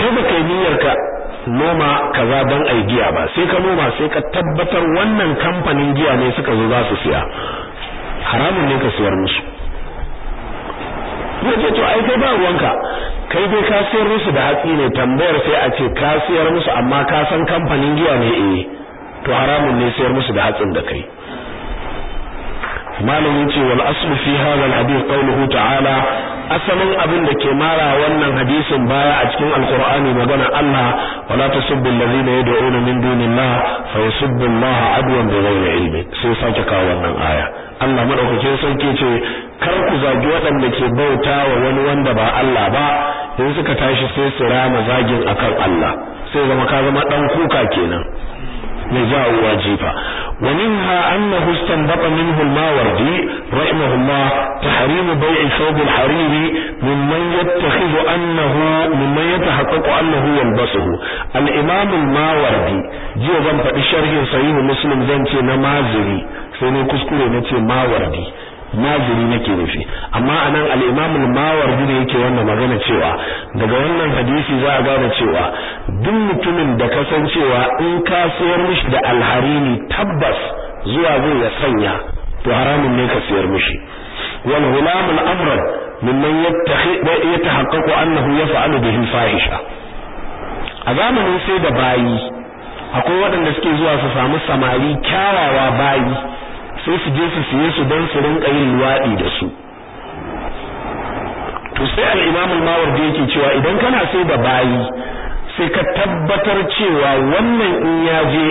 kai ba kai niyyar ka noma kaza don ai giya ba sai ka noma sai ka tabbatar wannan kamfanin giya ne suka zo za su siya haramun ne ka siyar musu ce to ai kai ba ruwanka kai dai ka siyar musu da hatsi ne tambayar sai a ce ka siyar musu amma ka san kamfanin giya ne eh to haramun ne siyar musu da hatsin da kai Malamin ce wal aslu fi hadha al hadith qawluhu ta'ala asalin abin da ke mara wannan hadisin baya a cikin alqur'ani magana Allah wala ya allazina yad'una min dunillah fa yasubbu Allah adwan ghayri ilmi sai sake kawo wannan aya Allah madaukakin sarki ce kar ku zagi waɗanda ke bauta wa wani wanda ba Allah ba in suka tashi sai su rama zagin akan Allah sai zama ka zama dan kuka kenan نزاع واجبا ومنها أنه استنبط منه الماوردي رحمه الله تحريم بيع ثوب الحرير ممن يتخذ أنه ممن يتحقق أنه يلبسه الإمام الماوردي جيو بان فدي صحيح مسلم زنتي نمازري سيني كسكوري نتي ماوردي naziri nake nufi amma anan al-Imam al-Mawardi ne yake wannan magana cewa daga wannan hadisi za a gane cewa duk mutumin da kasancewa in ka sayar mishi da alharini tabbas zuwa zai ya sanya to haramun ne ka siyar mishi wal hulam al-amran mimman yatahaqqaqu annahu yaf'alu bihi fahisha a zamanin sai da bayi akwai waɗanda suke zuwa su samu samari kyawawa bayi sai su je su siye su don su rinka yin luwaɗi da su to sai al-imam al yake cewa idan kana sai da bayi sai ka tabbatar cewa wannan in ya je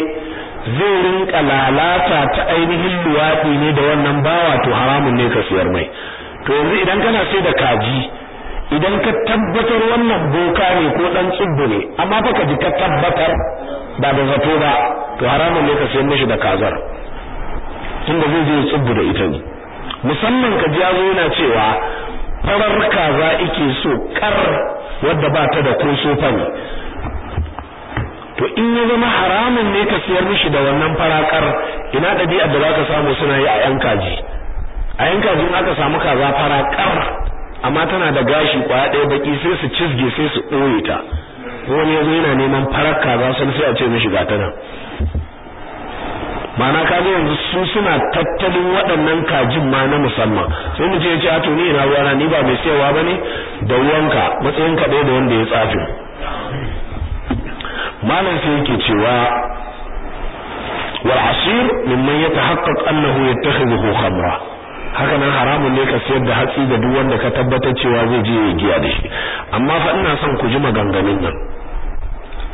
zai rinka lalata ta ainihin luwaɗi ne da wannan bawa to haramun ne ka siyar mai to yanzu idan kana sai da kaji idan ka tabbatar wannan boka ne ko dan tsibbu ne amma fa ka ji ka tabbatar ba da zato ba to haramun ne ka siyar mishi da kazar tunda zai je tsubbu da ita ne musamman ka zo yana cewa farar kaza yake so kar wadda ba ta da ko sofa ne to in ya zama haramun ne ka siyar mishi da wannan farakar ina ɗabi'ar da zaka samu suna yi a yan kaji a yan kaji aka samu kaza farakar amma tana da gashi kwaya ɗaya baki sai su cizge sai su ɓoye ta wani yazo yana neman farar kaza sun sai a ce mishi ga ta nan mana ga yanzu su suna tattalin waɗannan kajin ma na musamman sai mu ce ya ce to ni ina ruwana ni ba mai sayawa bane da ruwanka matsayin ka da wanda ya tsafi malam sai yake cewa wal asir mimman yatahaqqaq annahu yattakhidhu khamra haka nan haramun ne ka sayar da hatsi da duk wanda ka tabbatar cewa zai je ya giya da shi amma fa ina son ku ji maganganun nan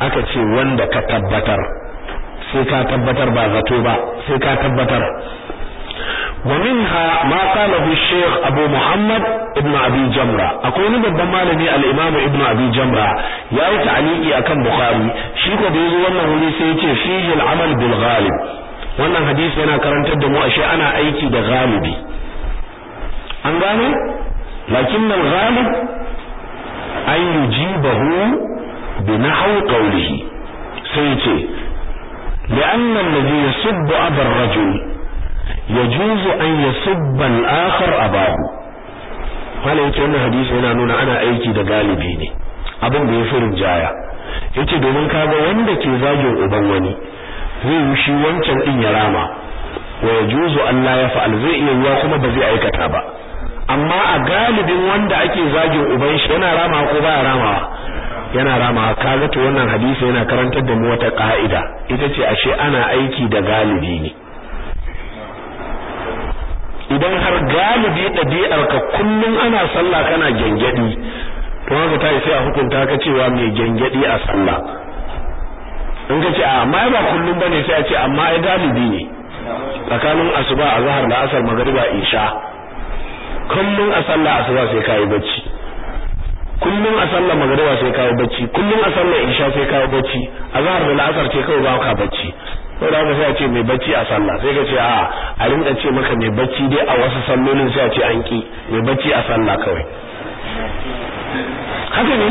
aka ce wanda ka tabbatar sai ka tabbatar ba zato ba sai ka tabbatar wa minha ma qalahu shaykh abu muhammad ibn abi jamra akwai wani babban malami al-imam ibn abi jamra yayi ta'liqi akan bukhari shi ko da yazo wannan wuri sai yace fihi al-amal bil ghalib wannan hadisi yana karantar da mu ashe ana aiki da galibi an gane lakin al-ghalib an yujibahu bi nahwi qawlihi sai yace ya الذي يسب ya الرجل يجوز أن يسب الآخر أباه قال يتي أن حديث ana aiki da galibi ne abin da ya fi rinjaya Yace domin kaga wanda ke zagin uban wani zai yi wancan ɗin ya rama wa ya juzu Allah ya fa'al zai iya yiwa kuma ba zai aikata ba amma a galibin wanda ake zagin uban shi yana rama ko baya ramawa yana rama kaga to wannan hadisi yana karantar da mu wata ka'ida ita ce ashe ana aiki da galibi ne idan har galibi ɗabi'ar ka kullum ana sallah kana gyangyaɗi to wanda ta sai a hukunta ka cewa mai gyangyaɗi a sallah in ka ce amma ba kullum bane sai a ce amma ai galibi ne tsakanin asuba a zahar da asar magariba isha kullum a sallah asuba sai ka yi bacci kullum a sallar magariba sai kawo bacci kullum a sallar isha sai kawo bacci a zahar da la'asar ce kawai ba ka bacci sai da sai a ce mai bacci a sallah sai ka ce a a rinka ce maka mai bacci dai a wasu sallolin sai a ce an ki mai bacci a sallah kawai haka ne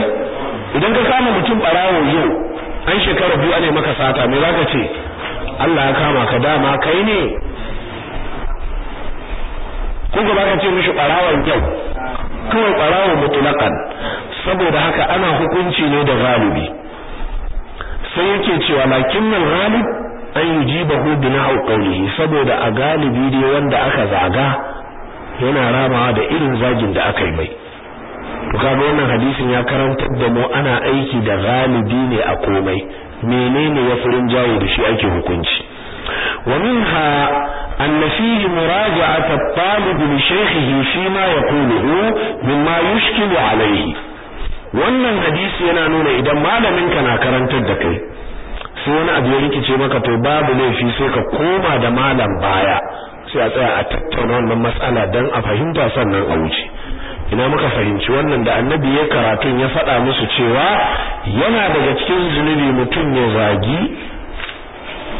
idan ka kama mutum barawo yau an shekara biyu ne maka sata me za ka ce Allah ya kama ka dama kai ne ko ba ka ce mishi barawon kyau kawai barawo mutulakan saboda haka ana hukunci ne da galibi sai yake cewa lakin nan galib an jiba hudu na qawlihi saboda a galibi ne wanda aka zaga yana ramawa da irin zagin da aka yi mai to kaga wannan hadisin ya karantar da mu ana aiki da galibi ne a komai menene ya furin jawo da shi ake hukunci wa أن فيه مراجعة الطالب لشيخه فيما يقوله مما يشكل عليه wannan hadisi yana nuna idan malamin ka na karantar da kai sai wani abu ya rikice maka to babu laifi sai ka koma da malam baya sai a tsaya a tattauna wannan matsala dan a fahimta sannan a wuce ina muka fahimci wannan da annabi ya karatun ya faɗa musu cewa yana daga cikin zunubi mutum ya zagi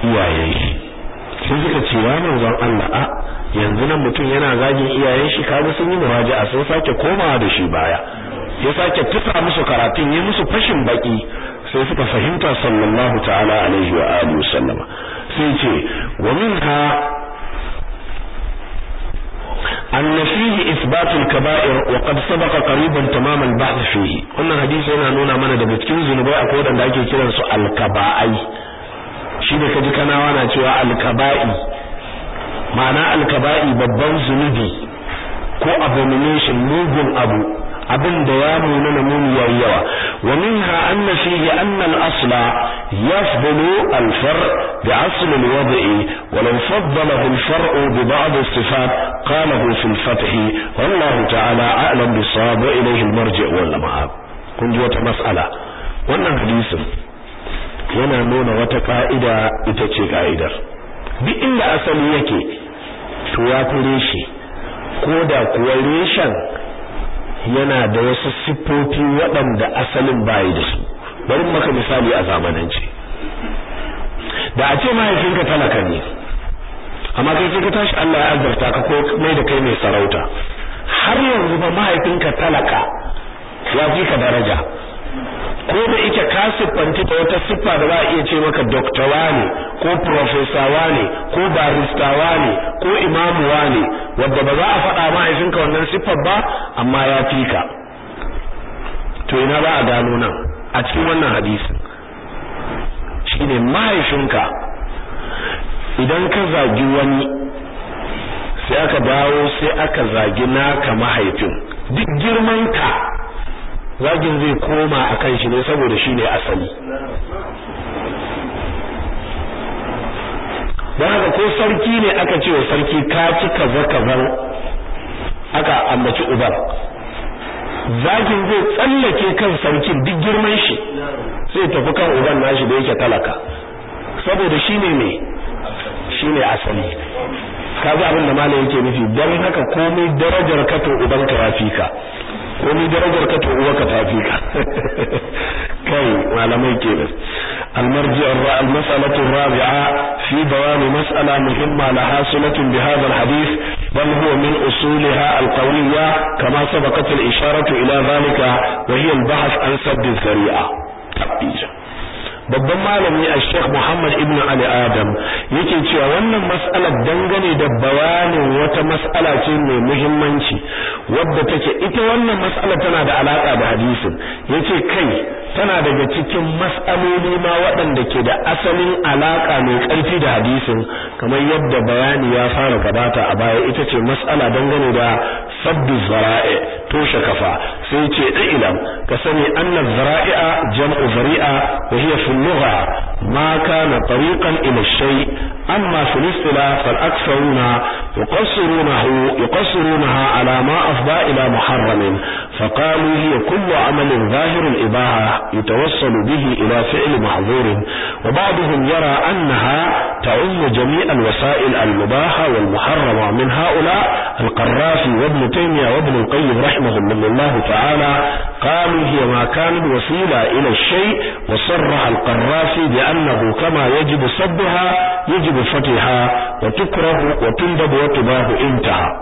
iyaye. shi sai suka ce wa manzon Allah a yanzu nan mutum yana zagin iyayen shi kaga sun yi a sun sake komawa da shi baya ya sake tusa musu karatun ya musu fashin baki sai suka fahimta sallallahu ta'ala alaihi wa alihi wasallama sai ce wa minha أن فيه إثبات الكبائر وقد سبق قريبا تمام البحث fihi Wannan hadisi yana nuna mana da cikin zunubai akwai wanda ake kiran su alkaba'i shi da kaji kanawa na cewa alkaba'i ma'ana alkaba'i babban zunubi ko abomination mugun abu abin da ya nuna na muni yayi yawa wa minha anna fihi anna al-asla yafdulu al-far' bi asl al-wad'i wa law faddalahu al-far'u bi ba'd as-sifat qalahu fi al-fath wallahu ta'ala a'lam bis-sawab ilayhi al-marji' wal ma'ab kun ji wata mas'ala wannan hadisin yana nuna wata ka'ida ita ce ka'idar duk inda asali yake to ya kure shi ko da kuwa reshen yana da wasu siffofi waɗanda asalin bayi da su bari maka misali a zamanance da a ce mahaifinka talaka ne amma kai ce ka tashi Allah ya azurta ka ko mai da kai mai sarauta har yanzu ba mahaifinka talaka ya fi ka daraja ko da ita ka siffanti da wata siffa da za a iya ce maka doktawa ne ko profesawa ne ko baristawa ne ko imamuwa ne wadda ba za a faɗa mahaifinka wannan siffar ba amma ya fi ka to ina ba a gano nan a cikin wannan hadisin shine mahaifinka idan ka zagi wani sai aka dawo sai aka zagi naka mahaifin duk girman ka zagin zai koma a kan shi ne saboda shi ne asali don haka ko sarki ne aka ce wa sarki ka ci kaza kaza aka ambaci uban zagin zai tsallake kan sarkin duk girman shi sai tafi kan uban nashi da yake talaka saboda shi ne ne shi ne asali kaga abin da malam yake nufi don haka komai darajar katon uban ka rafi ka wani darajar ka to uwa ka fafi ka kai malamai kenan المرجع المسألة الرابعة في بيان مسألة مهمة لها صلة بهذا الحديث بل هو من أصولها القوية كما سبقت الإشارة إلى ذلك وهي البحث عن سد الذريعة تبيجا babban malami a sheikh muhammad ibn ali adam yake cewa wannan mas'alar dangane da bayanin wata mas'ala ce mai muhimmanci wadda take ita wannan mas'ala tana da alaka da hadisin yace kai tana daga cikin mas'aloli ma waɗanda ke da asalin alaka mai ƙarfi da hadisin kamar yadda bayani ya fara gabata a baya ita ce mas'ala dangane da sabbi zara'i toshe kafa sai ce ilam ka sani anna zara'i'a jam'u zari'a wa hiya اللغة ما كان طريقا إلى الشيء أما في الاصطلاح فالأكثرون يقصرونه يقصرونها على ما أفضى إلى محرم فقالوا هي كل عمل ظاهر الإباحة يتوصل به إلى فعل محظور وبعضهم يرى أنها تعم جميع الوسائل المباحة والمحرمة من هؤلاء القرافي وابن تيمية وابن القيم رحمهم الله تعالى قالوا هي ما كان الوسيلة إلى الشيء وصرح القرافي القرافي بأنه كما يجب صدها يجب فتحها وتكره وتندب وتباه انتهى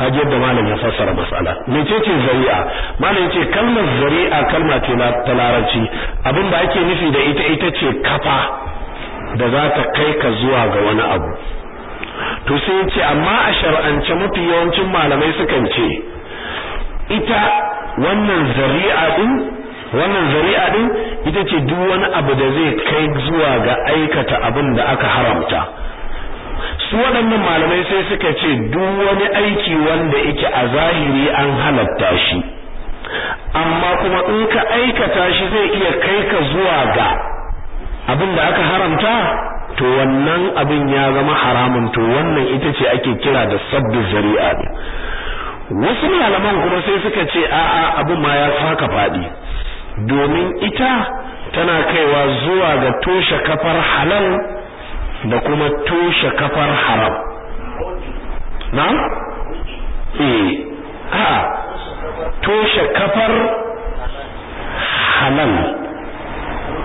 haji yadda malam ya fassara mas'ala mecece zari'a malam ce kalmar zari'a kalma ce ta larabci abin da ake nufi da ita ita ce kafa da za ta kai ka zuwa ga wani abu to sai ce amma a shar'ance mafi yawancin malamai sukan ce ita wannan zari'a din wannan zari'a din ita ce duk wani abu da zai kai zuwa ga aikata abin da aka haramta su waɗannan malamai sai suka ce duk wani aiki wanda yake a zahiri an halatta shi amma kuma in ka aikata shi zai iya kai ka zuwa ga abin da aka haramta to wannan abin ya zama haramun to wannan ita ce ake kira da sabbi zari'a wasu malaman kuma sai suka ce a'a abin ma ya faka faɗi domin ita tana kaiwa zuwa ga toshe kafar halal da kuma toshe kafar haram na? eh a toshe kafar halal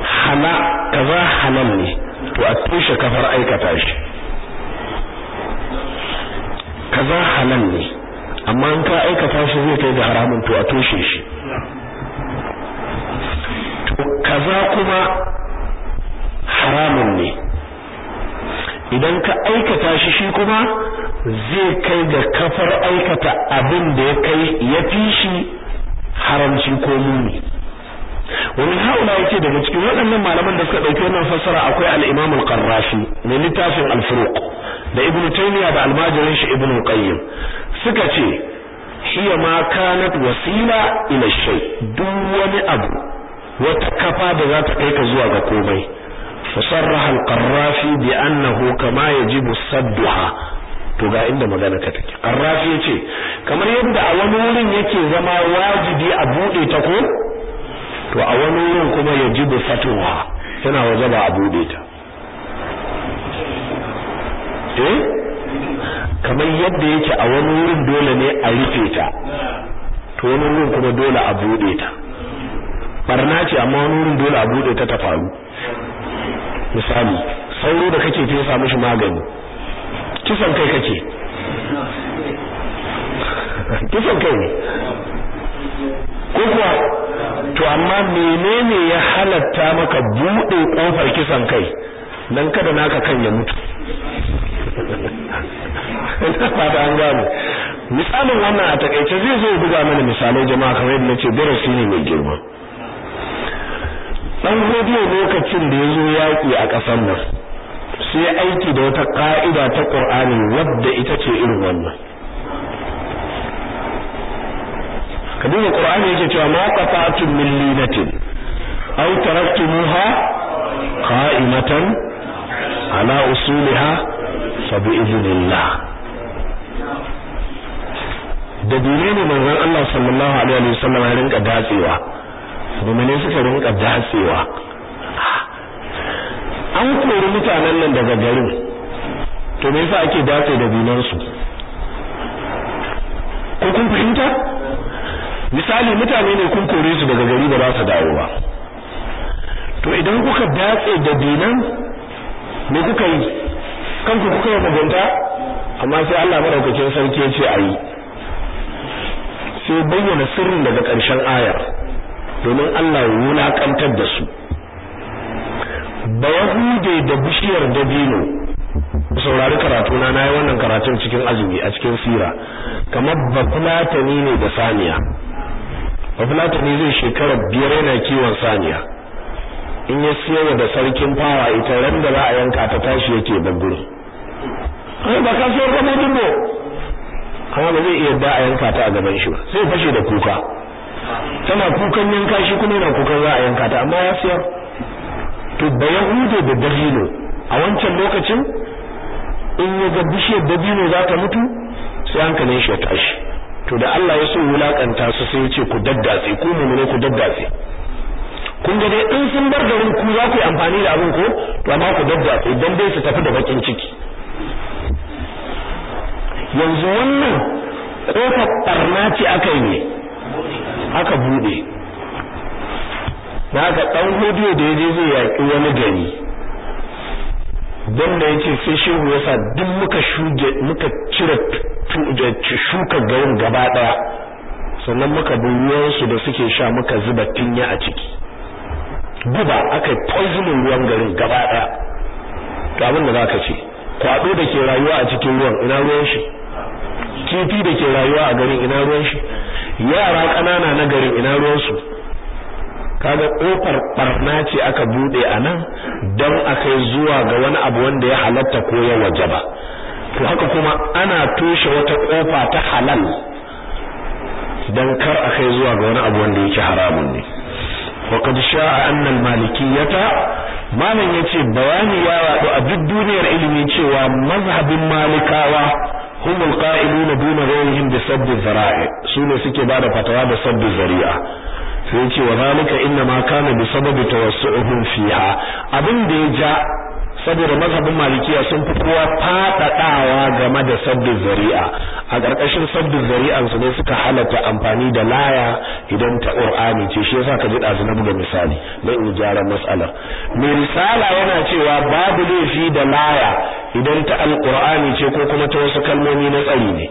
hala kaza halal ne to a toshe kafar aikata shi kaza halal ne amma in ka aikata shi zai kai da haramun to a toshe shi kaza kuma haramun ne idan ka aikata shi shi kuma zai kai ga kafar aikata abin da ya kai ya fi shi haramci ko muni wani haula yake daga cikin waɗannan malaman da suka ɗauki wannan fassara akwai al-Imam al-Qarrafi mai littafin al-Furuq da Ibn Taymiyyah da almajirin shi Ibn Qayyim suka ce hiya ma kanat wasila ila shay duk wani abu wata kafa da za ta kai ka zuwa ga komai fasarraha al-qarrafi bi annahu kama yajibu sadduha to ga inda magana ka take qarrafi yace kamar yadda a wani wurin yake zama wajibi a bude ta ko to a wani wurin kuma yajibu fatuha yana wajaba a bude ta eh kamar yadda yake a wani wurin dole ne a rufe ta to wani wurin kuma dole a bude ta barna ce amma wani wurin dole a bude ta ta faru misali sauro da kake fesa shi magani kisan kai kake kisan kai ne ko kuwa to amma menene ya halatta maka bude kofar kisan kai dan kada naka kan ya mutu fata an gano misalin wannan a takaice zai zo buga mana misalai jama'a kamar yadda nace darasi ne mai girma dan hodiyo lokacin da ya zo yaƙi a ƙasar nan sai aiki da wata ƙa'ida ta ƙur'ani wadda ita ce irin wannan kadin ƙur'ani yake cewa ma qatatun min linatin aw taraktumuha qa'imatan ala usuliha fa bi da dalilin manzon Allah sallallahu alaihi wasallam ya rinka datsewa ne suka rinka dasewa an kori mutanen nan daga garin to me yasa ake dace da binansu ko kun fahimta misali mutane ne kun kore su daga gari ba za su dawo ba to idan kuka dace da binan me kuka yi kanku kuka yi mugunta amma sai Allah madaukakin sarki ya ce ayi sai bayyana sirrin daga karshen ayar domin Allah ya wulakantar da su ba hude da bishiyar dabino saurari karatu na yi wannan karatun cikin azumi a cikin sira kamar bafulatani ne da saniya bafulatani zai shekara biyar yana kiwon saniya in ya siyarwa da sarkin fawa ita ran da za a yanka ta tashi yake baguri kai ba ka siyar da mutum amma ba zai iya da a yanka ta a gaban shi ba sai fashe da kuka tana kukan yanka shi kuma yana kukan za a yanka ta amma ya siyar to bayan yahudu da dabino a wancan lokacin in ya ga bishiyar dabino za ta mutu sai kane shi ya tashi to da Allah ya so wulakanta su sai ya ce ku daddatse ku mu ku daddatse kun ga dai in sun bar garin ku za ku yi amfani da abin ko to amma ku daddatse dan dai su tafi da bakin ciki yanzu wannan kofar barna ce aka yi ne aka bude na haka dan hodiyo da yaje zai yaƙi wani gari don da yace sai shehu yasa duk muka shuge muka cire shuka garin gaba daya sannan muka bi su da suke sha muka zuba tinya a ciki guba aka poisoning ruwan garin gaba daya to abin da zaka ce kwado da ke rayuwa a cikin ruwan ina ruwan shi kifi da ke rayuwa a garin ina ruwan shi yara ƙanana na garin ina ruwansu kaga ƙofar ɓarna ce aka bude a nan don a kai zuwa ga wani abu wanda ya halatta ko ya waje ba to haka kuma ana toshe wata ƙofa ta halal don kar a kai zuwa ga wani abu wanda yake haramun ne وقد شاء أن المالكية مالن yace bayani ya wadu a duk duniyar ilimi cewa mazhabin malikawa humul qa'iluna duna ghayrihim bi sabbi zara'i sune suke bada fatawa da sabbi zari'a sai yace wa zalika inna ma kana ta wasu tawassu'uhum fiha abin da ya ja saboda mazhabin malikiya sun fi kowa faɗaɗawa game da sabbin zari'a a ƙarƙashin sabbin zari'an su ne suka halatta amfani da laya idan ta qur'ani ce shi yasa ka ji da na buga misali don in gyara mas'ala mai risala yana cewa babu laifi da laya idan ta alqur'ani ce ko kuma ta wasu kalmomi na tsari ne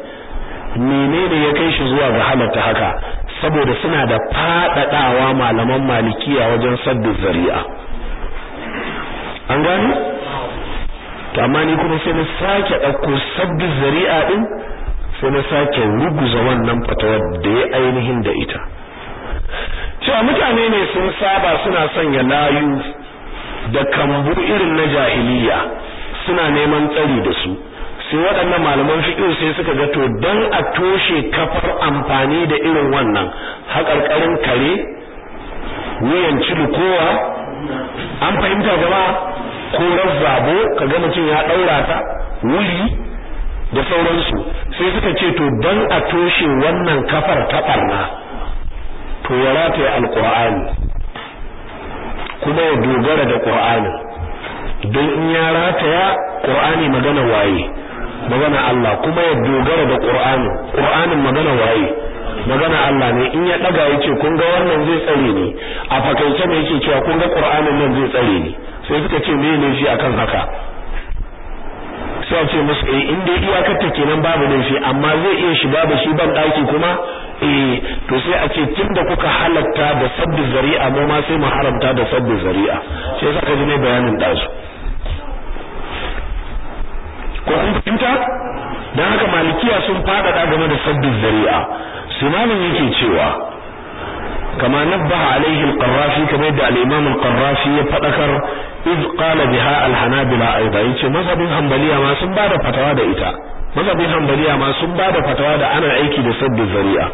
menene ya kai shi zuwa ga halatta haka saboda suna da faɗaɗawa malaman malikiya wajen sabbin zari'a an gani to amma ni kuma sai na sake ɗauko sabbin zari'a ɗin sai na sake ruguza wannan fatawar da ya ainihin da ita cewa mutane ne sun saba suna sanya layu da kambu irin na jahiliya suna neman tsari da su sai waɗannan malaman fiƙiyu sai suka ga to dan a toshe kafar amfani da irin wannan haƙarƙarin kare wuyan kowa an fahimta gaba ko ka ga mutum ya daura ta wuri da sauransu sai suka ce to dan a toshe wannan kafar ta barna to ya ya alqur'ani kuma ya dogara da ƙur'anin don in ya rataya qur'ani magana waye magana Allah kuma ya dogara da qur'anin qur'anin magana waye magana Allah ne in ya daga yace kun ga wannan zai tsare ni a fakaice ne yake cewa kun ga qur'anin nan zai tsare ni sai suka ce me ne shi akan haka sai ce musu eh in dai iyakar ta kenan babu laifi amma zai iya shi babu shi ban daki kuma eh to sai a ce tunda kuka halatta da sabbi zari'a mu ma sai mu haramta da sabbin zari'a sai saka ji ne bayanin dazu ko kun fahimta dan haka malikiya sun fada game da sabbin zari'a sunanin yake cewa kama nabbaha alaihi al kamar da al-imam al ya fadakar iz qala biha al-hanabila aidan yace mazhabin hanbaliya ma sun bada fatawa da ita mazhabin hanbaliya ma sun bada fatawa da ana aiki da sabbin zari'a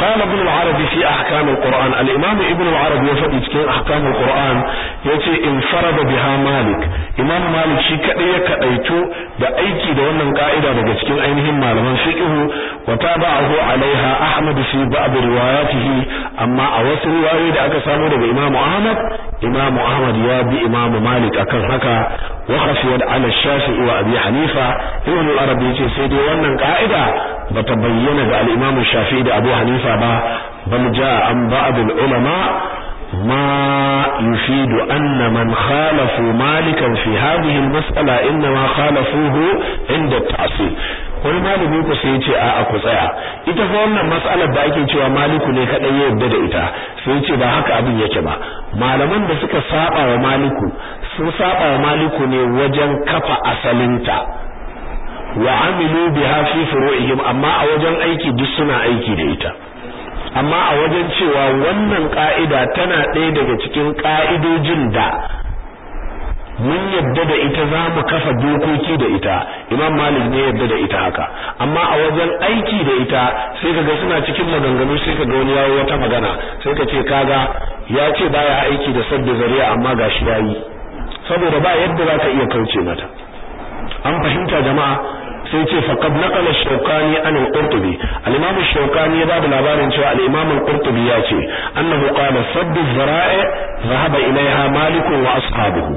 قال ابن العربي في أحكام القرآن الإمام ابن العربي يفضل في أحكام القرآن يتي انفرد بها مالك إمام مالك شي كأي كأيتو بأيكي دون قائدة بجسكين أينهم مالما فقه وتابعه عليها أحمد في بعض رواياته أما أوس رواية أكسامه بإمام أحمد إمام أحمد يا بإمام مالك أكن هكا وخفيت على الشافعي وأبي حنيفة ابن العربي يتي سيدي وأن قائدة بتبين على الإمام الشافعي أبو حنيفة amsa ba bal jaa an ba'd al ulama ما يفيد أن من خالفوا مالكا في هذه المسألة إنما khalafuhu inda التعصيب wani malami ku sai yace a ku tsaya ita fa wannan mas'alar da ake cewa maliku ne kadai ya yarda da ita sai yace ba haka abin yake ba malaman da suka saba wa maliku sun saba wa maliku ne wajen kafa asalinta wa amilu biha fi furu'ihim amma a wajen aiki duk suna aiki da ita amma a wajen cewa wannan ka'ida tana ɗaya daga cikin ka'idojin da mun yadda da ita za mu kafa dokoki da ita imam malik ne yadda da ita haka amma a wajen aiki da ita sai kaga suna cikin maganganu sai kaga wani yawo wata magana sai ka ce kaga ya ce baya aiki da sabbi zariya amma gashi yayi saboda ba yadda za ka iya kauce mata an fahimta jama'a sai ce faqad naqala shawkani an al-qurtubi al-imam shawkani ya bada labarin cewa al-imam al-qurtubi ya ce annahu qala saddu zara'i zahaba ilaiha malik wa ashabuhu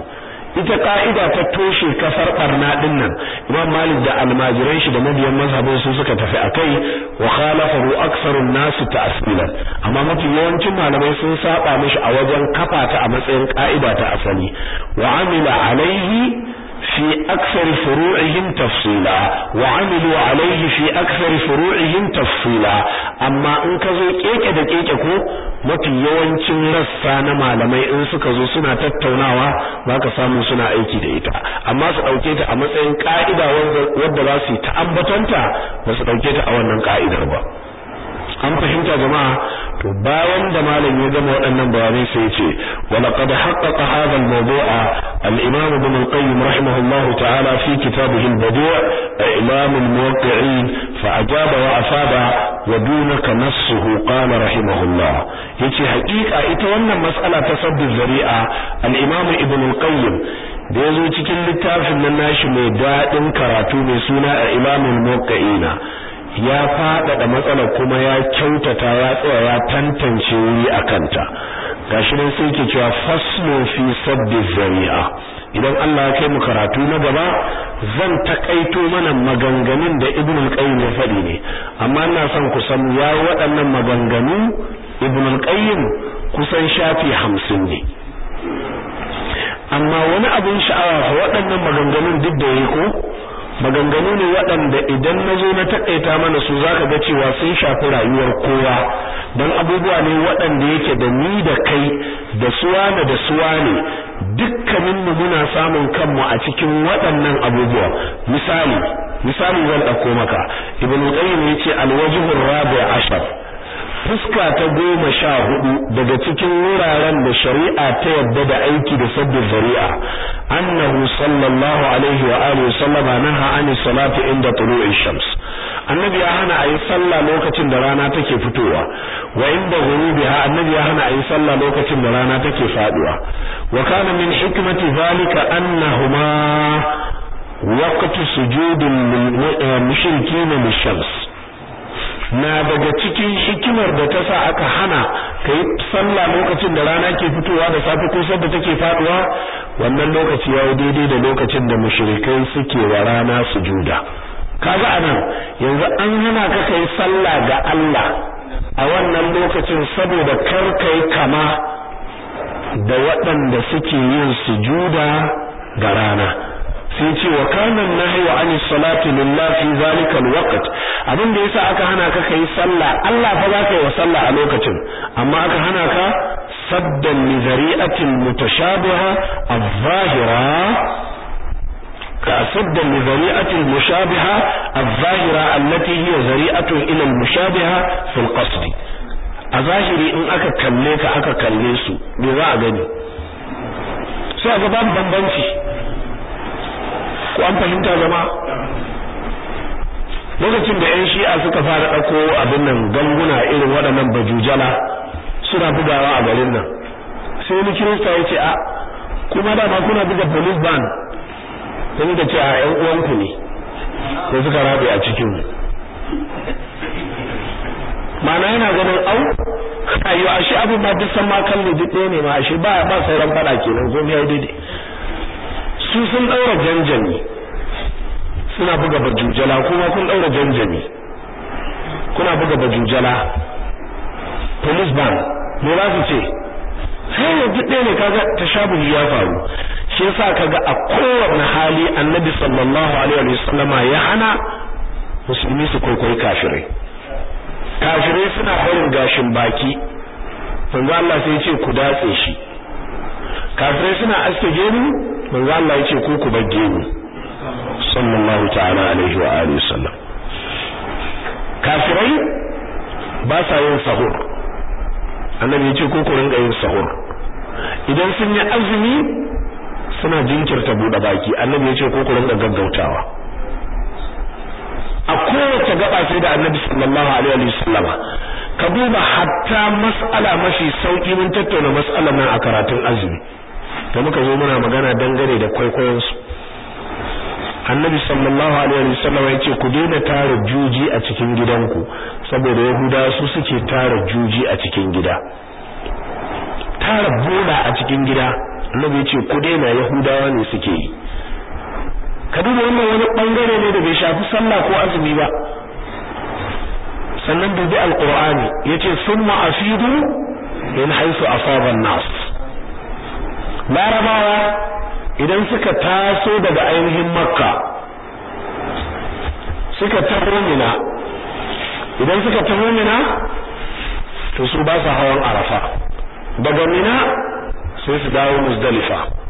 ita ka'ida ta toshe kasar barna din nan imam malik da almajiran shi da mabiyan mazhabin su suka tafi akai wa khalafahu nasu nas ta'silan amma mafi yawancin malamai sun saba mishi a wajen kafa ta a matsayin ka'ida ta asali wa amila alaihi في أكثر فروعهم تفصيلا وعملوا عليه في amma in ka zo إن da كيكا ko mafi yawancin rassa na malamai in suka zo suna tattaunawa ba ka samu suna aiki da ita amma su ɗauke ta a matsayin ƙa'ida wadda za su yi ta ambatanta ba su ɗauke ta a wannan ƙa'idar ba an fahimta jama'a to bayan da malam ya gama waɗannan bayanai sai ya ce wa laqad haqqaqa hadha al-mawdu'a al-imam ibn al-qayyim rahimahullah ta'ala fi kitabihi al-badi' i'lam al-muwaqqi'in fa ajaba wa afada wa dunaka nassuhu qala rahimahullah yace haƙiƙa ita wannan mas'ala ta sabbin zari'a al-imam ibn al-qayyim da yazo cikin littafin nan nashi mai daɗin karatu mai suna a imamul muwaqqi'ina ya faɗaɗa matsalar kuma ya kyautata ya tsaya ya tantance wuri a kanta gashi ne sai ke cewa faslun fi sabbi zari'a idan Allah ya kai mu karatu na gaba zan takaito mana maganganun da Ibn al-Qayyim ya faɗi ne amma ina son ku san ya waɗannan maganganu Ibn al-Qayyim kusan shafi hamsin ne amma wani abin sha'awa waɗannan maganganun duk da yake ko maganganu ne waɗanda idan na zo na taƙaita mana su za ka ga cewa sun shafi rayuwar kowa don abubuwa ne waɗanda yake da ni da kai da suwa da da suwa ne dukkaninmu muna samun kanmu a cikin waɗannan abubuwa misali misali zan ɗauko maka ibn qayyim yace al-wajhu ar-rabi' ashar fuska ta goma sha hudu daga cikin wuraren da shari'a ta yadda da aiki da sabbin zari'a annahu sallallahu alaihi wa alihi sallama naha an salati inda tulu'i shams annabi ya hana ayi sallah lokacin da rana take fitowa wa inda ghurubiha annabi ya hana ayi sallah lokacin da rana take faduwa wa kana min hikmati zalika annahuma waqtu sujudil eh, mushrikeena lishams na daga cikin hikimar da ta sa aka hana ka yi sallah lokacin da rana ke fitowa da safe ko sadda take faduwa wannan lokaci ya yi daidai da lokacin da mashirikai suke wa rana su sujuda kaga anan yanzu an hana ka kai sallah ga Allah a wannan lokacin saboda kar kama da waɗanda suke yin su juda ga rana sai ce wa na nahyu an salati salatu fi zalika wakati. abin da yasa aka hana ka kai sallah Allah fa za ka yi wa sallah a lokacin amma aka hana ka saddan li zari'atin mutashabiha az-zahira ka saddan li zari'atin mushabiha az-zahira allati hiya zari'atun ila al-mushabiha fil qasd a zahiri in aka kalle ka aka kalle su me za a gani sai ga babu bambanci ko an fahimta jama'a lokacin da yan shi'a suka fara ɗauko abin nan ganguna irin waɗannan bajujala suna bugawa a garin nan sai ni kirista ya ce a kuma dama kuna buga police ban sai da ce a yan uwanku ne ko suka rabe a cikin ma'ana yana ganin au ayo shi abin ba duk san ma duk ɗaya ne ma shi ba ba sauran fada kenan ko ya daidai su sun ɗaura janjani suna buga bajujala kuma kun daura janjami kuna buga bajujala police ban ne za su ce sai yanzu ɗaya ne kaga ta tashabuhi ya faru shi yasa kaga a kowane hali annabi sallallahu alaihi sallama ya hana musulmi su kwaikwayi kafirai kafirai suna barin gashin baki manzo Allah sai ce ku datse shi kafirai suna aske gemu manzo Allah ya ce ku ku bar gemu sallallahu ta'ala alaihi wa alihi wasallam kafirai ba sa yin sahur annabi ya ce ko ku rinka yin sahur idan sun yi azumi suna jinkirta buɗe baki annabi ya ce ko ku rinka gaggautawa a kowace gaba sai da annabi sallallahu alaihi wa sallam ka duba hatta mas'ala mafi sauki mun tattauna mas'alan nan a karatun azumi da muka zo muna magana dangane da kwaikwayon su annabi sallallahu alaihi wasallam ya ce ku daina tara juji a cikin gidanku saboda yahudawa su suke tara juji a cikin gida tara bola a cikin gida annabi yace ce ku daina yahudawa ne suke yi ka duba wannan wani bangare ne da bai shafi sallah ko azumi ba sannan dubi alqur'ani yace summa afidu min haythu asaba an-nas larabawa idan suka taso daga ainihin makka suka taho mina idan suka taho mina to su ba su hawan arafa daga mina sai su dawo muzdalifa